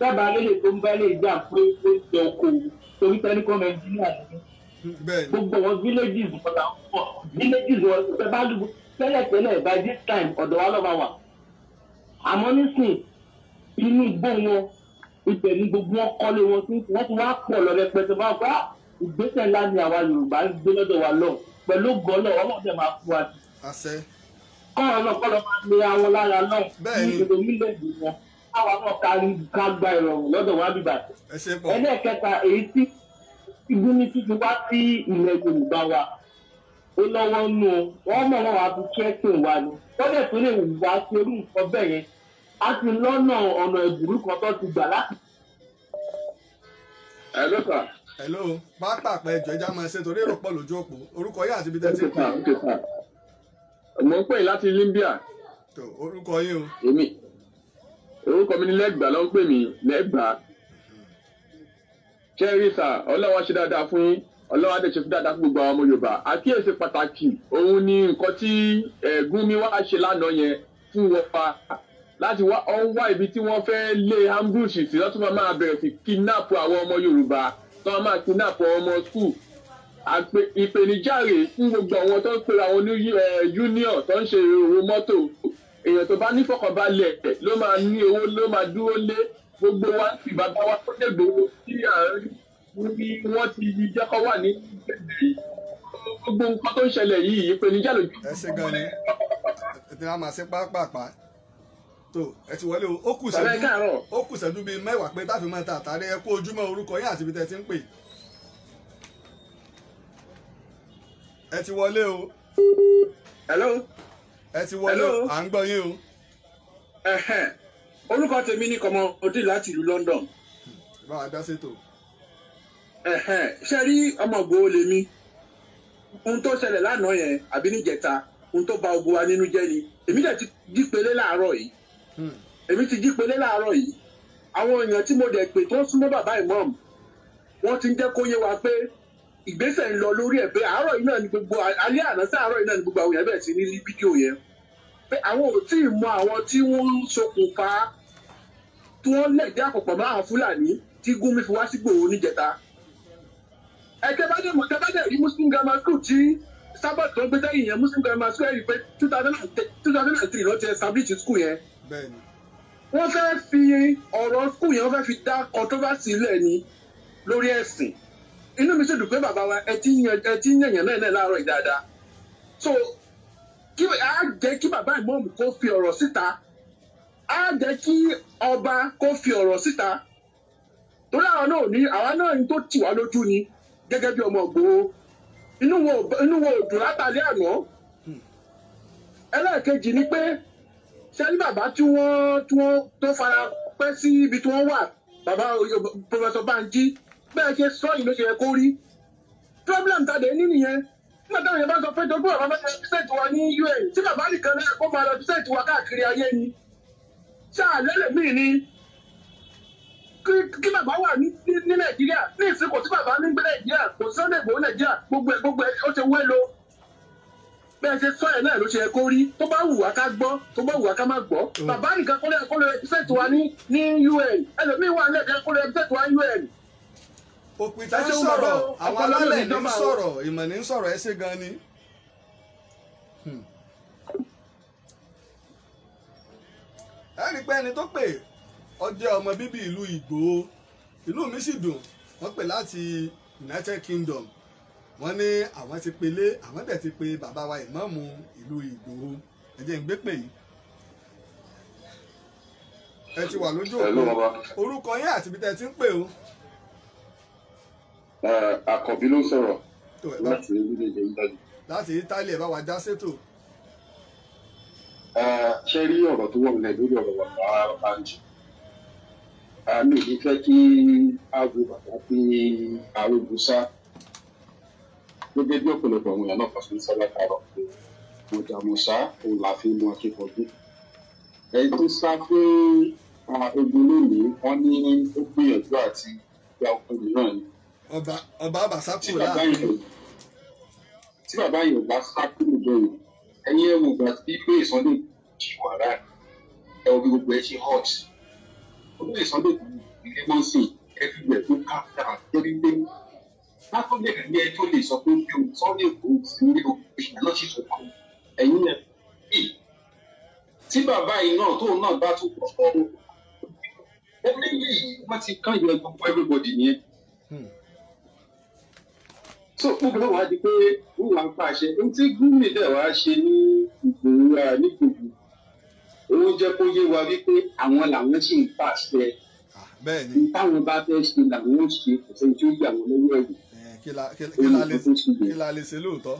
dábàá lélẹ̀ tó ń bá lè gbà pé ó jẹ okòwò torí tẹ́lifọ́mù ẹnjíníà nìyí gbogbo wọn villages wọn la pọ villages wọn tẹ bá lù tẹ́lẹ̀tẹ́lẹ̀ by this time ọ̀dọ̀ wa lọ́ba wà àmọ́ nísìn inú igbó wọn ibẹ̀ ni gbogbo wọn kọ́lé wọn tí wọ́n ti wá pọ̀ lọ rẹpẹtẹ bá gbá ah, ìgbésẹ̀ ńlá ni àwa Yorùbá ń gbé lọ́dọ̀ wa lọ pẹ̀lú gọ́lọ̀ ọlọ́dẹ máa fún wa. kọ́ọ̀rọ̀ náà kọ́ọ̀rọ̀ máa lè àwọn lára náà ní ìṣòro mílíọ̀nù wọn káwa náà ká gba ìrọ̀rùn lọ́dọ̀ wa bíbà. ẹlẹ́ẹ̀kẹta èyí tí ìgbóni tuntun wá sí ilẹ̀ yorùbá wa ó lọ́wọ́ nù ọ́ wọ́n mọ̀ wọ́n wá fi kẹ́sìn wa ni tọ́lẹ̀ tó lè wá sí orí nǹkan bẹ́ẹ̀ yẹn a ti lọ́nà ọ̀nà ìbùrú kan tó ti gbà láti. hello sir. hello pápákọ̀ ẹjọ́ ẹja máa ṣe torí èrò pọ̀ lójú òpó orúkọ yín àti ibi tẹ́tí ń pè é. mo ń pè láti Libya. orúkọ yín o. èmi orúkọ mi ni lẹ́gbàá ló ń pè mí lẹ́gbàá kẹrìsà ọlọ́wọ́n ṣe dáadáa fún yín ọlọ́wọ́n adé ṣe fún dáadáa fún gbogbo àwọn ọmọ yorùbá àkíyèsí pàtàkì òun ni nǹkan tí Gumi wá ṣe lánàá yẹn fún wọn pa láti wá ọ̀hún wá ibi tí wọ́n fẹ́ lé ambush sí lọ́tún máa máa bẹ̀rẹ̀ sí kidnap àwọn ọmọ yorùbá tó máa máa kidnap àwọn ọmọ skul ìpèníjàre fún gbogbo àwọn tó ń pera àwọn union tó ń ṣe èrò mọ́tò èèyàn tó bá nífọ̀kànbalẹ̀ ló máa ní owó ló máa dúró lé gbogbo wa sì bá bá wa tó dẹ̀gbẹ́ owó tí à ń rí ni wọ́n ti yí jẹ́kọ́ wà ní ìgbẹ́dẹ́ gbogbo nǹkan tó ń ṣẹlẹ̀ yìí ìpèníjà lójú. ẹ ṣe gan ni ètò ìlànà àṣẹ pápápá tó ẹ ti wọlé o ó kù sẹ́dú ó kù sẹ́dú bíi mẹ́wàá pé táfi máa ta àtàrí ẹ kó ojúmọ́ orúkọ yín àti ibi tẹ́ ti ń pè ẹ ti wọlé o. hello. ẹ ti wọlé o à ń gbọ́ yín o orúkọ tèmi ní kọmọdé láti ìlú London. báwa dá sétò. ṣe rí ọmọ Ìgbòho lèmi ohun tó ṣẹlẹ̀ lánàá yẹn àbí níjẹta ohun tó ba ogun wa nínú jẹ́ ni èmi dẹ̀ ti jí pélé láàárọ̀ yìí hmm. èmi ti jí pélé láàárọ̀ yìí àwọn èèyàn tí mo dẹ̀ pè tó súnmọ́ bàbá ìmọ̀ọ́mù wọ́n ti ń jẹ́ kó yé wa pé ìgbésẹ̀ ń lọ lórí ẹ̀ pé àárọ̀ yìí náà ni gbogbo alẹ́ àná sí àárọ̀ yìí náà ni gbogbo àwọn èèyàn bẹ̀rẹ̀ sí ní fídíò yẹn pé àwọn ò tí ì mọ àwọn tí wọ́n ń ṣokùnfà tí wọ́n lẹ̀ dé àpòpọ̀ mọ́ àwọn fúlàní tí Gumi fi wá sí Ìgbòho níjẹta. ẹ̀kẹ́ bá dẹ̀ mọ̀ tẹ́ bá dẹ̀ rí muslim grammar school tí sábàtì tó ń gbé sẹ́yìn yẹn muslim grammar school ẹ̀rí pé two thousand and three oh lọ́ọ́ ti establish school yẹn. wọ́n fẹ́ fi ọ̀rọ̀ school yẹn wọ́n fẹ́ fi dá controversy lẹ̀ ni lórí ẹ̀sìn inú mi sì dùn pé bàbá wa ẹ ti ń yẹ̀yàn náà náà láàárọ̀ ìdáadáa so kí a jẹ́ kí bàbá ìmọ̀ọ́mù kó fi ọ̀rọ̀ síta á jẹ́ kí ọba kó fi ọ̀rọ̀ síta torí àwa náà ní àwa náà ní tó tì wá lójú ni gẹ́gẹ́ bí ọmọ Ìgbòho inú wo inú wo dùn látàlẹ́ àná ẹlẹ́ẹ̀kejì ni pé sẹ́ni bàbá tí wọ́n tí wọ́n tó fara pẹ́ sí ibi tí wọ́n wà bàbá pòfẹ́sọ̀ Bánjí bẹ́ẹ̀ ṣe sọ yìí ṣe yẹ kó rí problem tàdé ní nìyẹn nígbà táwọn yẹn bá sọ pé dogbó bàbá fẹ́ represent wa ní UN tí bàbá nìkan náà kó máa represent wa káàkiri ayé ni tá a lẹ́lẹ̀ míì ni kí bàbá wà ní nàìjíríà ní ìsìn kò sí bàbá ní gbé nàìjíríà kò sí Sunday nàìjíríà gbogbo ẹ gbogbo ẹ ó ti wé lo bẹ́ẹ̀ ṣe sọ ẹ̀ náà ló ṣe kó rí tó bá wù ká gbọ́ tó bá wù ká má gbọ́ mm. bàbá nìkan kọ́lé kọ́lé ẹ̀fẹ́tì wa ní ní un ẹlòmíín wà lẹ́ẹ̀kan kọ́lé ẹ̀fẹ́tì wa un. òpìtàn sọ̀rọ̀ àwọn alálẹ̀ ní sọ̀rọ̀ ìmọ̀ ní sọ̀rọ̀ ẹ ṣe gan ni. ẹ̀rí pé ẹni tó pè ó jẹ́ ọmọ bíbí ìlú Ìgbòho ìlú mi sì dùn wọ́n pè láti United Kingdom wọ́n ní àwọn ti pelé àwọn dẹ̀ ti pe bàbá wa ìmáàmù ìlú Ìgbòho ẹ jẹ́ n gbé pè yìí ẹ ti wà lójú òpó orúkọ yín àti ibi tẹ́ ti ń pè o. àkọ́bí ló ń sọ̀rọ̀ láti orílẹ̀-èdè Italy. láti Italy ẹ bá wa já sétò ṣe rí ọ̀rọ̀ tó wọ̀ nílẹ̀ lórí ọ̀rọ̀ bàbá Bánjí àmì ìlú fẹ́ kí aago bàbá pín arúgbóṣá gẹ́gẹ́ bí ọ̀pọ̀lọpọ̀ àwọn èèyàn náà fàṣẹ ń sábà kárọ̀ pé mọ̀jàmọ̀ṣá òun là fi mú akíkanjú ẹni tó sá fún ogun lónìí wọn ní ó gbìyànjú àti gba ọkùnrin náà ni. ọba ọba àbàṣà kúrò láàrin. tí bàbá yìí ò bá sá kúrò lónìí ẹ̀yin ẹ̀wò ìgbà tí Olóyè Sunday di wàrà ẹ̀ wọ́n bí gbogbo ẹ̀ ṣe hot Olóyè Sunday kù ilé mọ́sìn everywhere tó calm down lórí ilé látọ̀lẹ̀ ní ẹ tó lè sọ pé bí o sọ́ọ́lì kò sí ní o ìṣẹ̀lẹ̀ náà sì tó kọ́ ẹ̀yin ẹ̀ bí tí bàbá yìí náà tóun náà bá tó kọ́ ọ́ ó yìí wọ́n ti kán ìyẹn gbogbo everybody nìyẹn. Hmm so gbogbo náà wá di pé wọ́n wá ń pàṣẹ ohun tí gómìnà dẹ̀ wá ṣe ní ìgbòho ní gbogbo òun jẹ́ kó yé wa wípé àwọn làwọn sì ń pàṣẹ ah, ní táwọn bá fẹ́ ṣe làwọn ò ṣe kò sẹ́ni tí ó yà wọ́n lọ́wọ́ ẹ̀yìn. Eh, kí la lè ṣe lóòótọ́.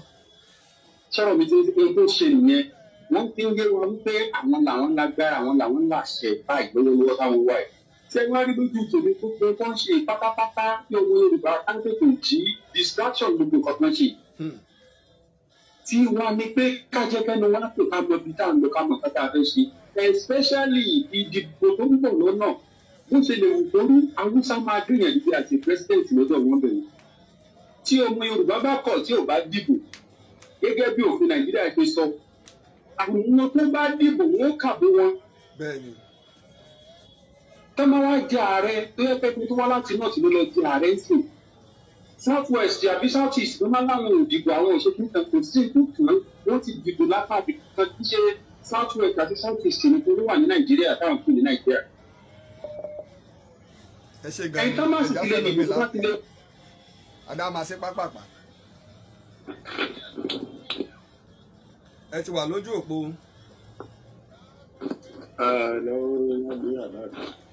sọ̀rọ̀ mi ti ń tó ṣe nìyẹn wọ́n ti ń yé wa wípé àwọn làwọn lágbára àwọn làwọn láṣẹ báyìí lọ́wọ́lọ́wọ́ táwọn wà yìí fẹwárì lójú tèmi gbogbo tó ń ṣe pátápátá ní ọmọ yorùbá káńtètè jí distraction gbogbo nǹkan tó ń ṣe. Hmm. tí wàá ní pé kájẹkẹnu wọn kò ká mọ ibi tá à ń lọ ká mọ ká tá a fẹ́ ṣe especially ìdìbò tó ń bọ̀ lọ́nà bó ṣe lè wù kó rí haúsá máa gbìyànjú bí àti president lọ́dọ̀ wọn bẹ̀rẹ̀ tí ọmọ yorùbá bá kọ̀ tí ò bá dìbò gẹ́gẹ́ bí òfin nàìjíríà ṣe sọ àwọn tó bá dìbò wọn kàbó wọn. bẹ́ẹ̀ni tọ́mọ wá jẹ ààrẹ tó yẹ pé tó wá láti náà tí ló lọ jẹ ààrẹ sí south west àbí south east ló máa láwọn òdìbò àwọn òṣèlú kan kò sí ìkúkú wọn ti dìbò lápá àbí kan kí ṣe south west àti south east ní tó ló wà ní nàìjíríà táwọn kù ní nàìjíríà. ẹ ṣe gan-an ìdáfẹ́ lómi lápá àdá máa ṣe pápápá ẹ ti wà lójú òpó. ẹ lọ́wọ́ ní nàìjíríà náà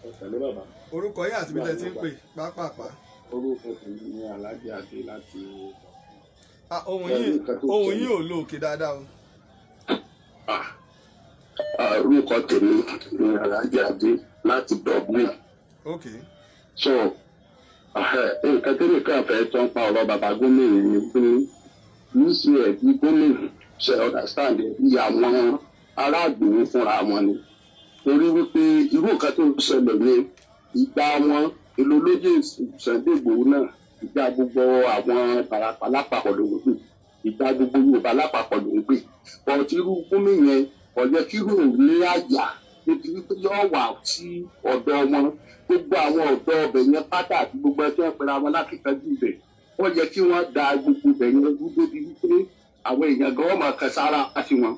ẹ̀sẹ̀lẹ̀ bàbá. orúkọ yín àti bílẹ̀ ti ń pè pápápá. orúkọ tèmi ni alájẹ àdé láti. ohun yìí ohun yìí ò lo òkè dáadáa o. Ah, ah, orúkọ tèmi ni alájẹ àdé láti dublin. ok. so ah, eh, nǹkan tí nìkan fẹ́ tó ń pa ọ̀rọ̀ bàbá gómìnà ni pé ucf gómìnà ṣe understand iye àwọn aráàgbò fúnra wọn ni torí wípé irú nǹkan tó ń ṣẹlẹ̀ ní ìgbà wọn èlò lóye Sunday Igboho náà ìgbà gbogbo àwọn Ìbàràpá lápapọ̀ ló ń gbè ìgbà gbogbo Yorùbá lápapọ̀ ló ń gbè ọ̀tí irú gómìnà yẹn ọ̀yẹ́ kí rò ní àyà níbi wípé yóò wà sí ọ̀dọ̀ wọn gbogbo àwọn ọ̀dọ́ ọbẹ̀ yẹn pátá àti gbogbo ẹjọ́ ìpẹ́rẹ́ àwọn alákìkanjú ibẹ̀ wọ́n yẹ kí wọ́n da gbogbo ibẹ̀ yẹn dúdú débi wípé àwọn èèyàn gan wọ́n máa kẹsàrà àti wọn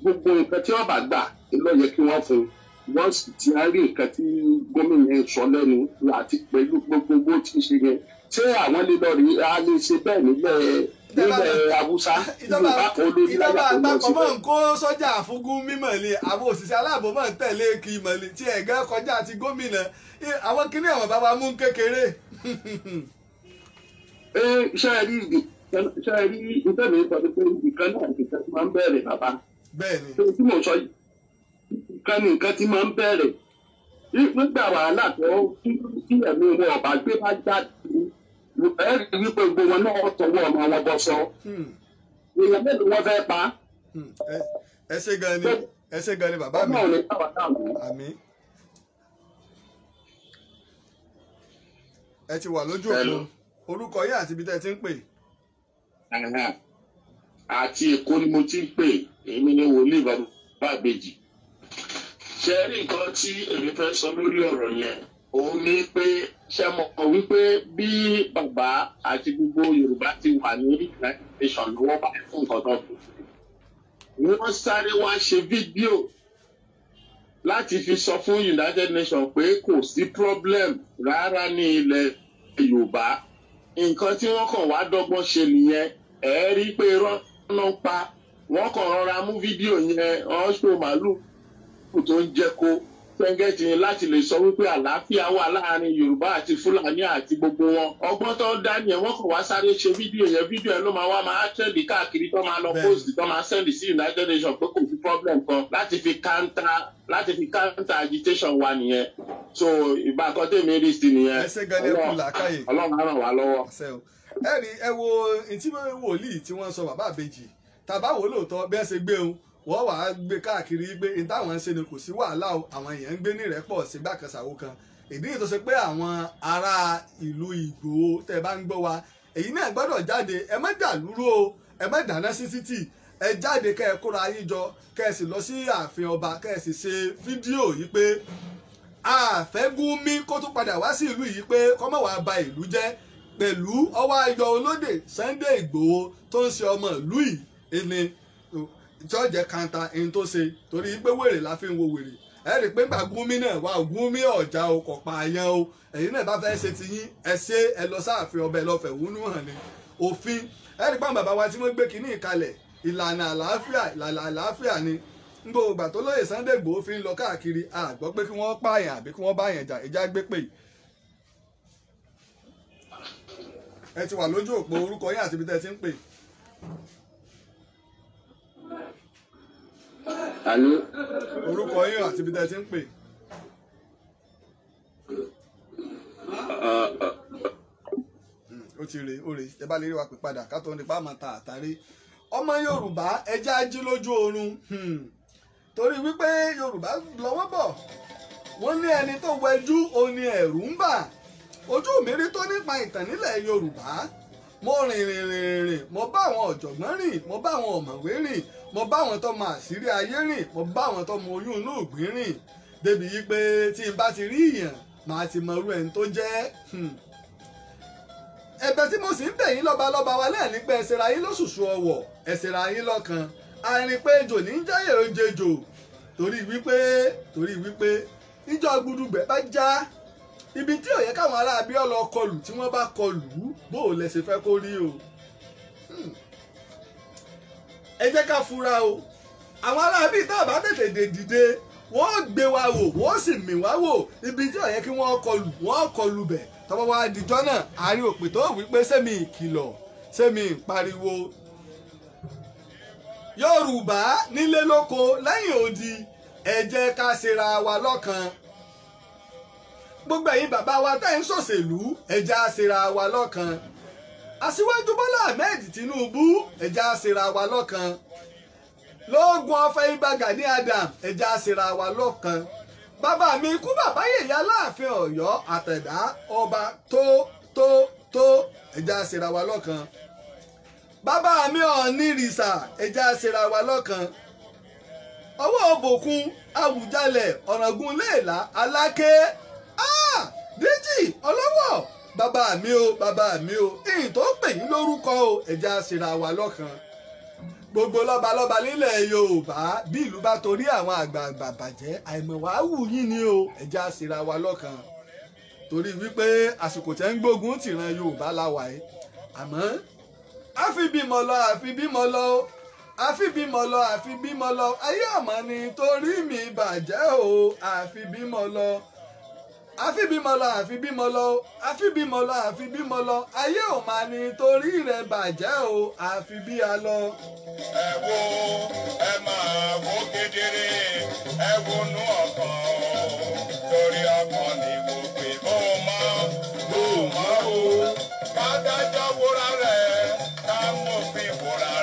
gbogbo nǹkan tí wọ́n bá gbà ló yẹ kí wọ́n fún wọ́n sì ti á rí nǹkan tí gómìnà yẹn sọ lẹ́nu àti pẹ̀lú gbogbo bó ti ṣe yẹn ṣé àwọn lè lọ rí a lè ṣe bẹ́ẹ̀ nílẹ̀ nílẹ̀ haúsá ìlú bákan olórí láyà tó lọ síbẹ̀. ìjọba àgbàpọ̀ máa ń kó sọ́jà fúngún mímọ̀ ni àwọn òṣìṣẹ́ aláàbò máa ń tẹ̀lé kí ìmọ̀ ni tí ẹ̀gẹ́ kọjá ti gómìnà àwọn kíní àwọn bàbá mú kékeré. ẹ ṣe é rí ṣe é rí ìtẹ̀lé ìpàdé pé ìkan náà ìtẹ̀síwájú máa ń bẹ̀rẹ̀ bàbá. bẹ́ẹ̀ ni. tí nìkan ni nǹkan ti máa ń bẹ̀rẹ̀ nígbà wàhálà tó kí ẹ̀mí wọn ọ̀bà gbé bá jáde ẹ rí wípé gbogbo wọn náà tọwọ́ ọmọ wọn bọ́ sọ hmm. èèyàn mélòó wọn fẹ́ pa. Hmm. ẹ ṣé gan ni ẹ ṣé gan ni bàbá mi àmín. ẹ ti wà lójú òkú orúkọ yín àti ibi tẹ́ ẹ ti ń pè. àti Èkó ni mo ti ń pè èmi ni wòlíì bàbá àbèjì ṣe rí nǹkan tí èmi fẹ́ sọ lórí ọ̀rọ̀ yẹn òun ni pé ṣe mọ̀ kàn wípé bí bàbá àti gbogbo Yorùbá ti wà ní United lọ́wọ́ bá fún nǹkan tó kù ni wọ́n sáré wá ṣe fídíò láti fi sọ fún United Nations pé kò sí problem rárá ní ilẹ̀ Yorùbá nǹkan tí wọ́n kàn wá dọ́gbọ́n ṣe nìyẹn ẹ̀ rí pé irọ́ náà pa wọ́n kàn rọra mú fídíò yẹn wọ́n màálù kù tó ń jẹ́ kó pẹ́ngẹ́tì ni láti lè sọ wípé àlàáfíà wà láàrin Yorùbá àti Fúlàní àti gbogbo wọn ọgbọ́n tó ń dá nìyẹn wọ́n kàn wá sáré ṣe fídíò yẹn fídíò yẹn ló máa wá máa tẹ̀lé káàkiri tó máa lọ post tó máa send sí United Nations pé kò sí problem kan láti fi counter láti fi counter agitation wa nìyẹn so ìgbà kan tèmi rí sí nìyẹn Ọlọ́run á ràn wá lọ́wọ́. ẹ rí ẹ wo ìtí wòlíì tí wọ́n sọ bàbá àbèjì tàbá wò lóòótọ́ bí ẹ wọ́n wàá gbé káàkiri pé n táwọn ń ṣe ni kò sí wàhálà o àwọn èèyàn ń gbé ní ìrẹ́pọ̀ sígbà kan ṣàwo kan ìdí yìí tó ṣe pé àwọn ará ìlú Ìgbòho tẹ́ ẹ bá ń gbọ́ wa èyí náà gbọ́dọ̀ jáde ẹ má dà lúrú o ẹ má dáná sí títì ẹ jáde kẹ́ ẹ kóra yín jọ kẹ́ ẹ sì lọ sí ààfin ọba kẹ́ ẹ sì ṣe fídíò yìí pé àfẹ́gúnmí kó tún padà wá sí ìlú yìí pé kọ́mọ̀ wàá ba ìlú jẹ́ pẹ̀lú ọwọ́ ayọ̀ olóde Sunday Ìgbòho tó ń ṣe ọmọ ìlú yìí ni tí ó kanta ẹni tó ṣe torí pé wèrè la fi ń wo wèrè ẹ rí i pé gbà Gumi náà wà Gumi ọ̀já o kò pa àyàn o èyí náà bá fẹ́ ṣe ti yín ẹ ṣe ẹ lọ sáàfin ọbẹ̀ lọ́fẹ̀ wúnú hàn ní òfin ẹ rí i bàbá wa tí wọ́n gbé kínní ìkalẹ̀ ìlànà àlàáfíà ìlànà àlàáfíà ni n gbogbo ìgbà tó lóye Sunday Igboho fi ń lọ káàkiri àgbọ́ pé kí wọ́n pààyàn àbí kí wọ́n báyàn jà ìjà gbé pè ẹ ti wà lójú òpó orúkọ yín àti ibi tẹ́ ti ń pè. Àló. Orúkọ yín àti ibi tẹ́ ti ń pè. Ah, ah, ah. Hmm, ó ti rè o rè ẹ bá lè rí wa pè padà ká tó ń di pa máa ta àtàrí. Ọmọ Yorùbá ẹja ají lójú oorun. Hmm. Torí wípé Yorùbá lọ́wọ́ bọ̀, wọ́n ní ẹni tó wẹjú oní ẹ̀rù ń bà. Ojú mi rí tó nípa ìtàn nílẹ̀ Yorùbá. Mo rìn rìn rìn rìn, mo bá àwọn ọ̀jọ̀gbọ́n rìn, mo bá àwọn ọ̀mọ̀wé rìn, mo bá àwọn tó mọ àṣírí ayé rìn mo bá àwọn tó mọ oyún inú ìgbín rìn débi yìí pé tí n bá ti rí èèyàn màá ti mọ irú ẹni tó jẹ́ hmm. ẹ̀bẹ̀ tí mo sì ń bẹ̀ yín lọ́ba lọ́ba wa lẹ́ẹ̀ni pé ẹsẹ̀ra yín lóṣùṣù ọwọ̀ ẹsẹ̀ra yín lọ́kan àárín pé ejò ní jáyè ojejò torí wípé torí wípé níjọ́ gbúdúgbẹ bá já ibi tí ó yẹ káwọn ará abíọ́ kọlù tí wọ́n bá kọlù bó o lẹ ṣe fẹ́ kó rí o ẹ jẹ́ ká fura o àwọn aráabí tá a bá tètè dè dìde wọ́n gbé wa wò wọ́n sì mì wá wò ibi tí ó yẹ kí wọ́n kọlù wọ́n kọlù bẹ̀ tọ́wọ́ wa dìjọ́ náà àárín òpè tó wí sẹ́mi ìkìlọ̀ sẹ́mi ìpariwo yorùbá nílé lóko lẹ́yìn odi ẹ jẹ́ ká ṣera wa lọ́kan gbogbo ẹ̀yin bàbá wa tẹ́ ń ṣòṣèlú ẹ jẹ́ á ṣera wa lọ́kan aṣíwájú bọ́lá ahmed tinubu ẹja àṣírà wa lọ́kan lóògùn ọ̀fẹ́ ibà gani adam ẹja àṣírà wa lọ́kan bàbá mi ikú bàbá yèyà láàfin ọ̀yọ́ àtẹ̀dá ọba tó tó tó ẹja àṣírà wa lọ́kan bàbá mi ọ̀ọ́nì rìsà ẹja àṣírà wa lọ́kan ọwọ́ òbòkun àwùjalẹ̀ ọ̀ràngún léèlà aláké ah! díjì ọlọ́wọ́ bàbá mi o bàbá mi o ìyìn tó pè yín lórúkọ o ẹ̀já síra wa lọ́kàn gbogbo lọ́balọ́ba nílẹ̀ Yorùbá bí ìlú bá torí àwọn àgbààgbà bàjẹ́ àìmọ̀wá wù yín ni o ẹ̀já síra wa lọ́kàn torí wípé àsìkò tẹ́ ń gbógun tìran Yorùbá láwa yìí àmọ́ àfibímọ lọ àfibímọ lọ o àfibímọ lọ àfibímọ lọ ayé ọmọ ni torí mi bàjẹ́ o àfibímọ lọ àfi bímọ lọ àfi bímọ lọ àfi bímọ lọ àfi bímọ lọ ayé ò máa ní torí rẹ bàjẹ́ o àfi bí a lọ. ẹ wo ẹ máa wo kedere ẹ wonú ọkàn torí ọkàn ni mo pè bó máa bó máa o ká dájọ́ wúra rẹ̀ ká mọ̀ fi wúra.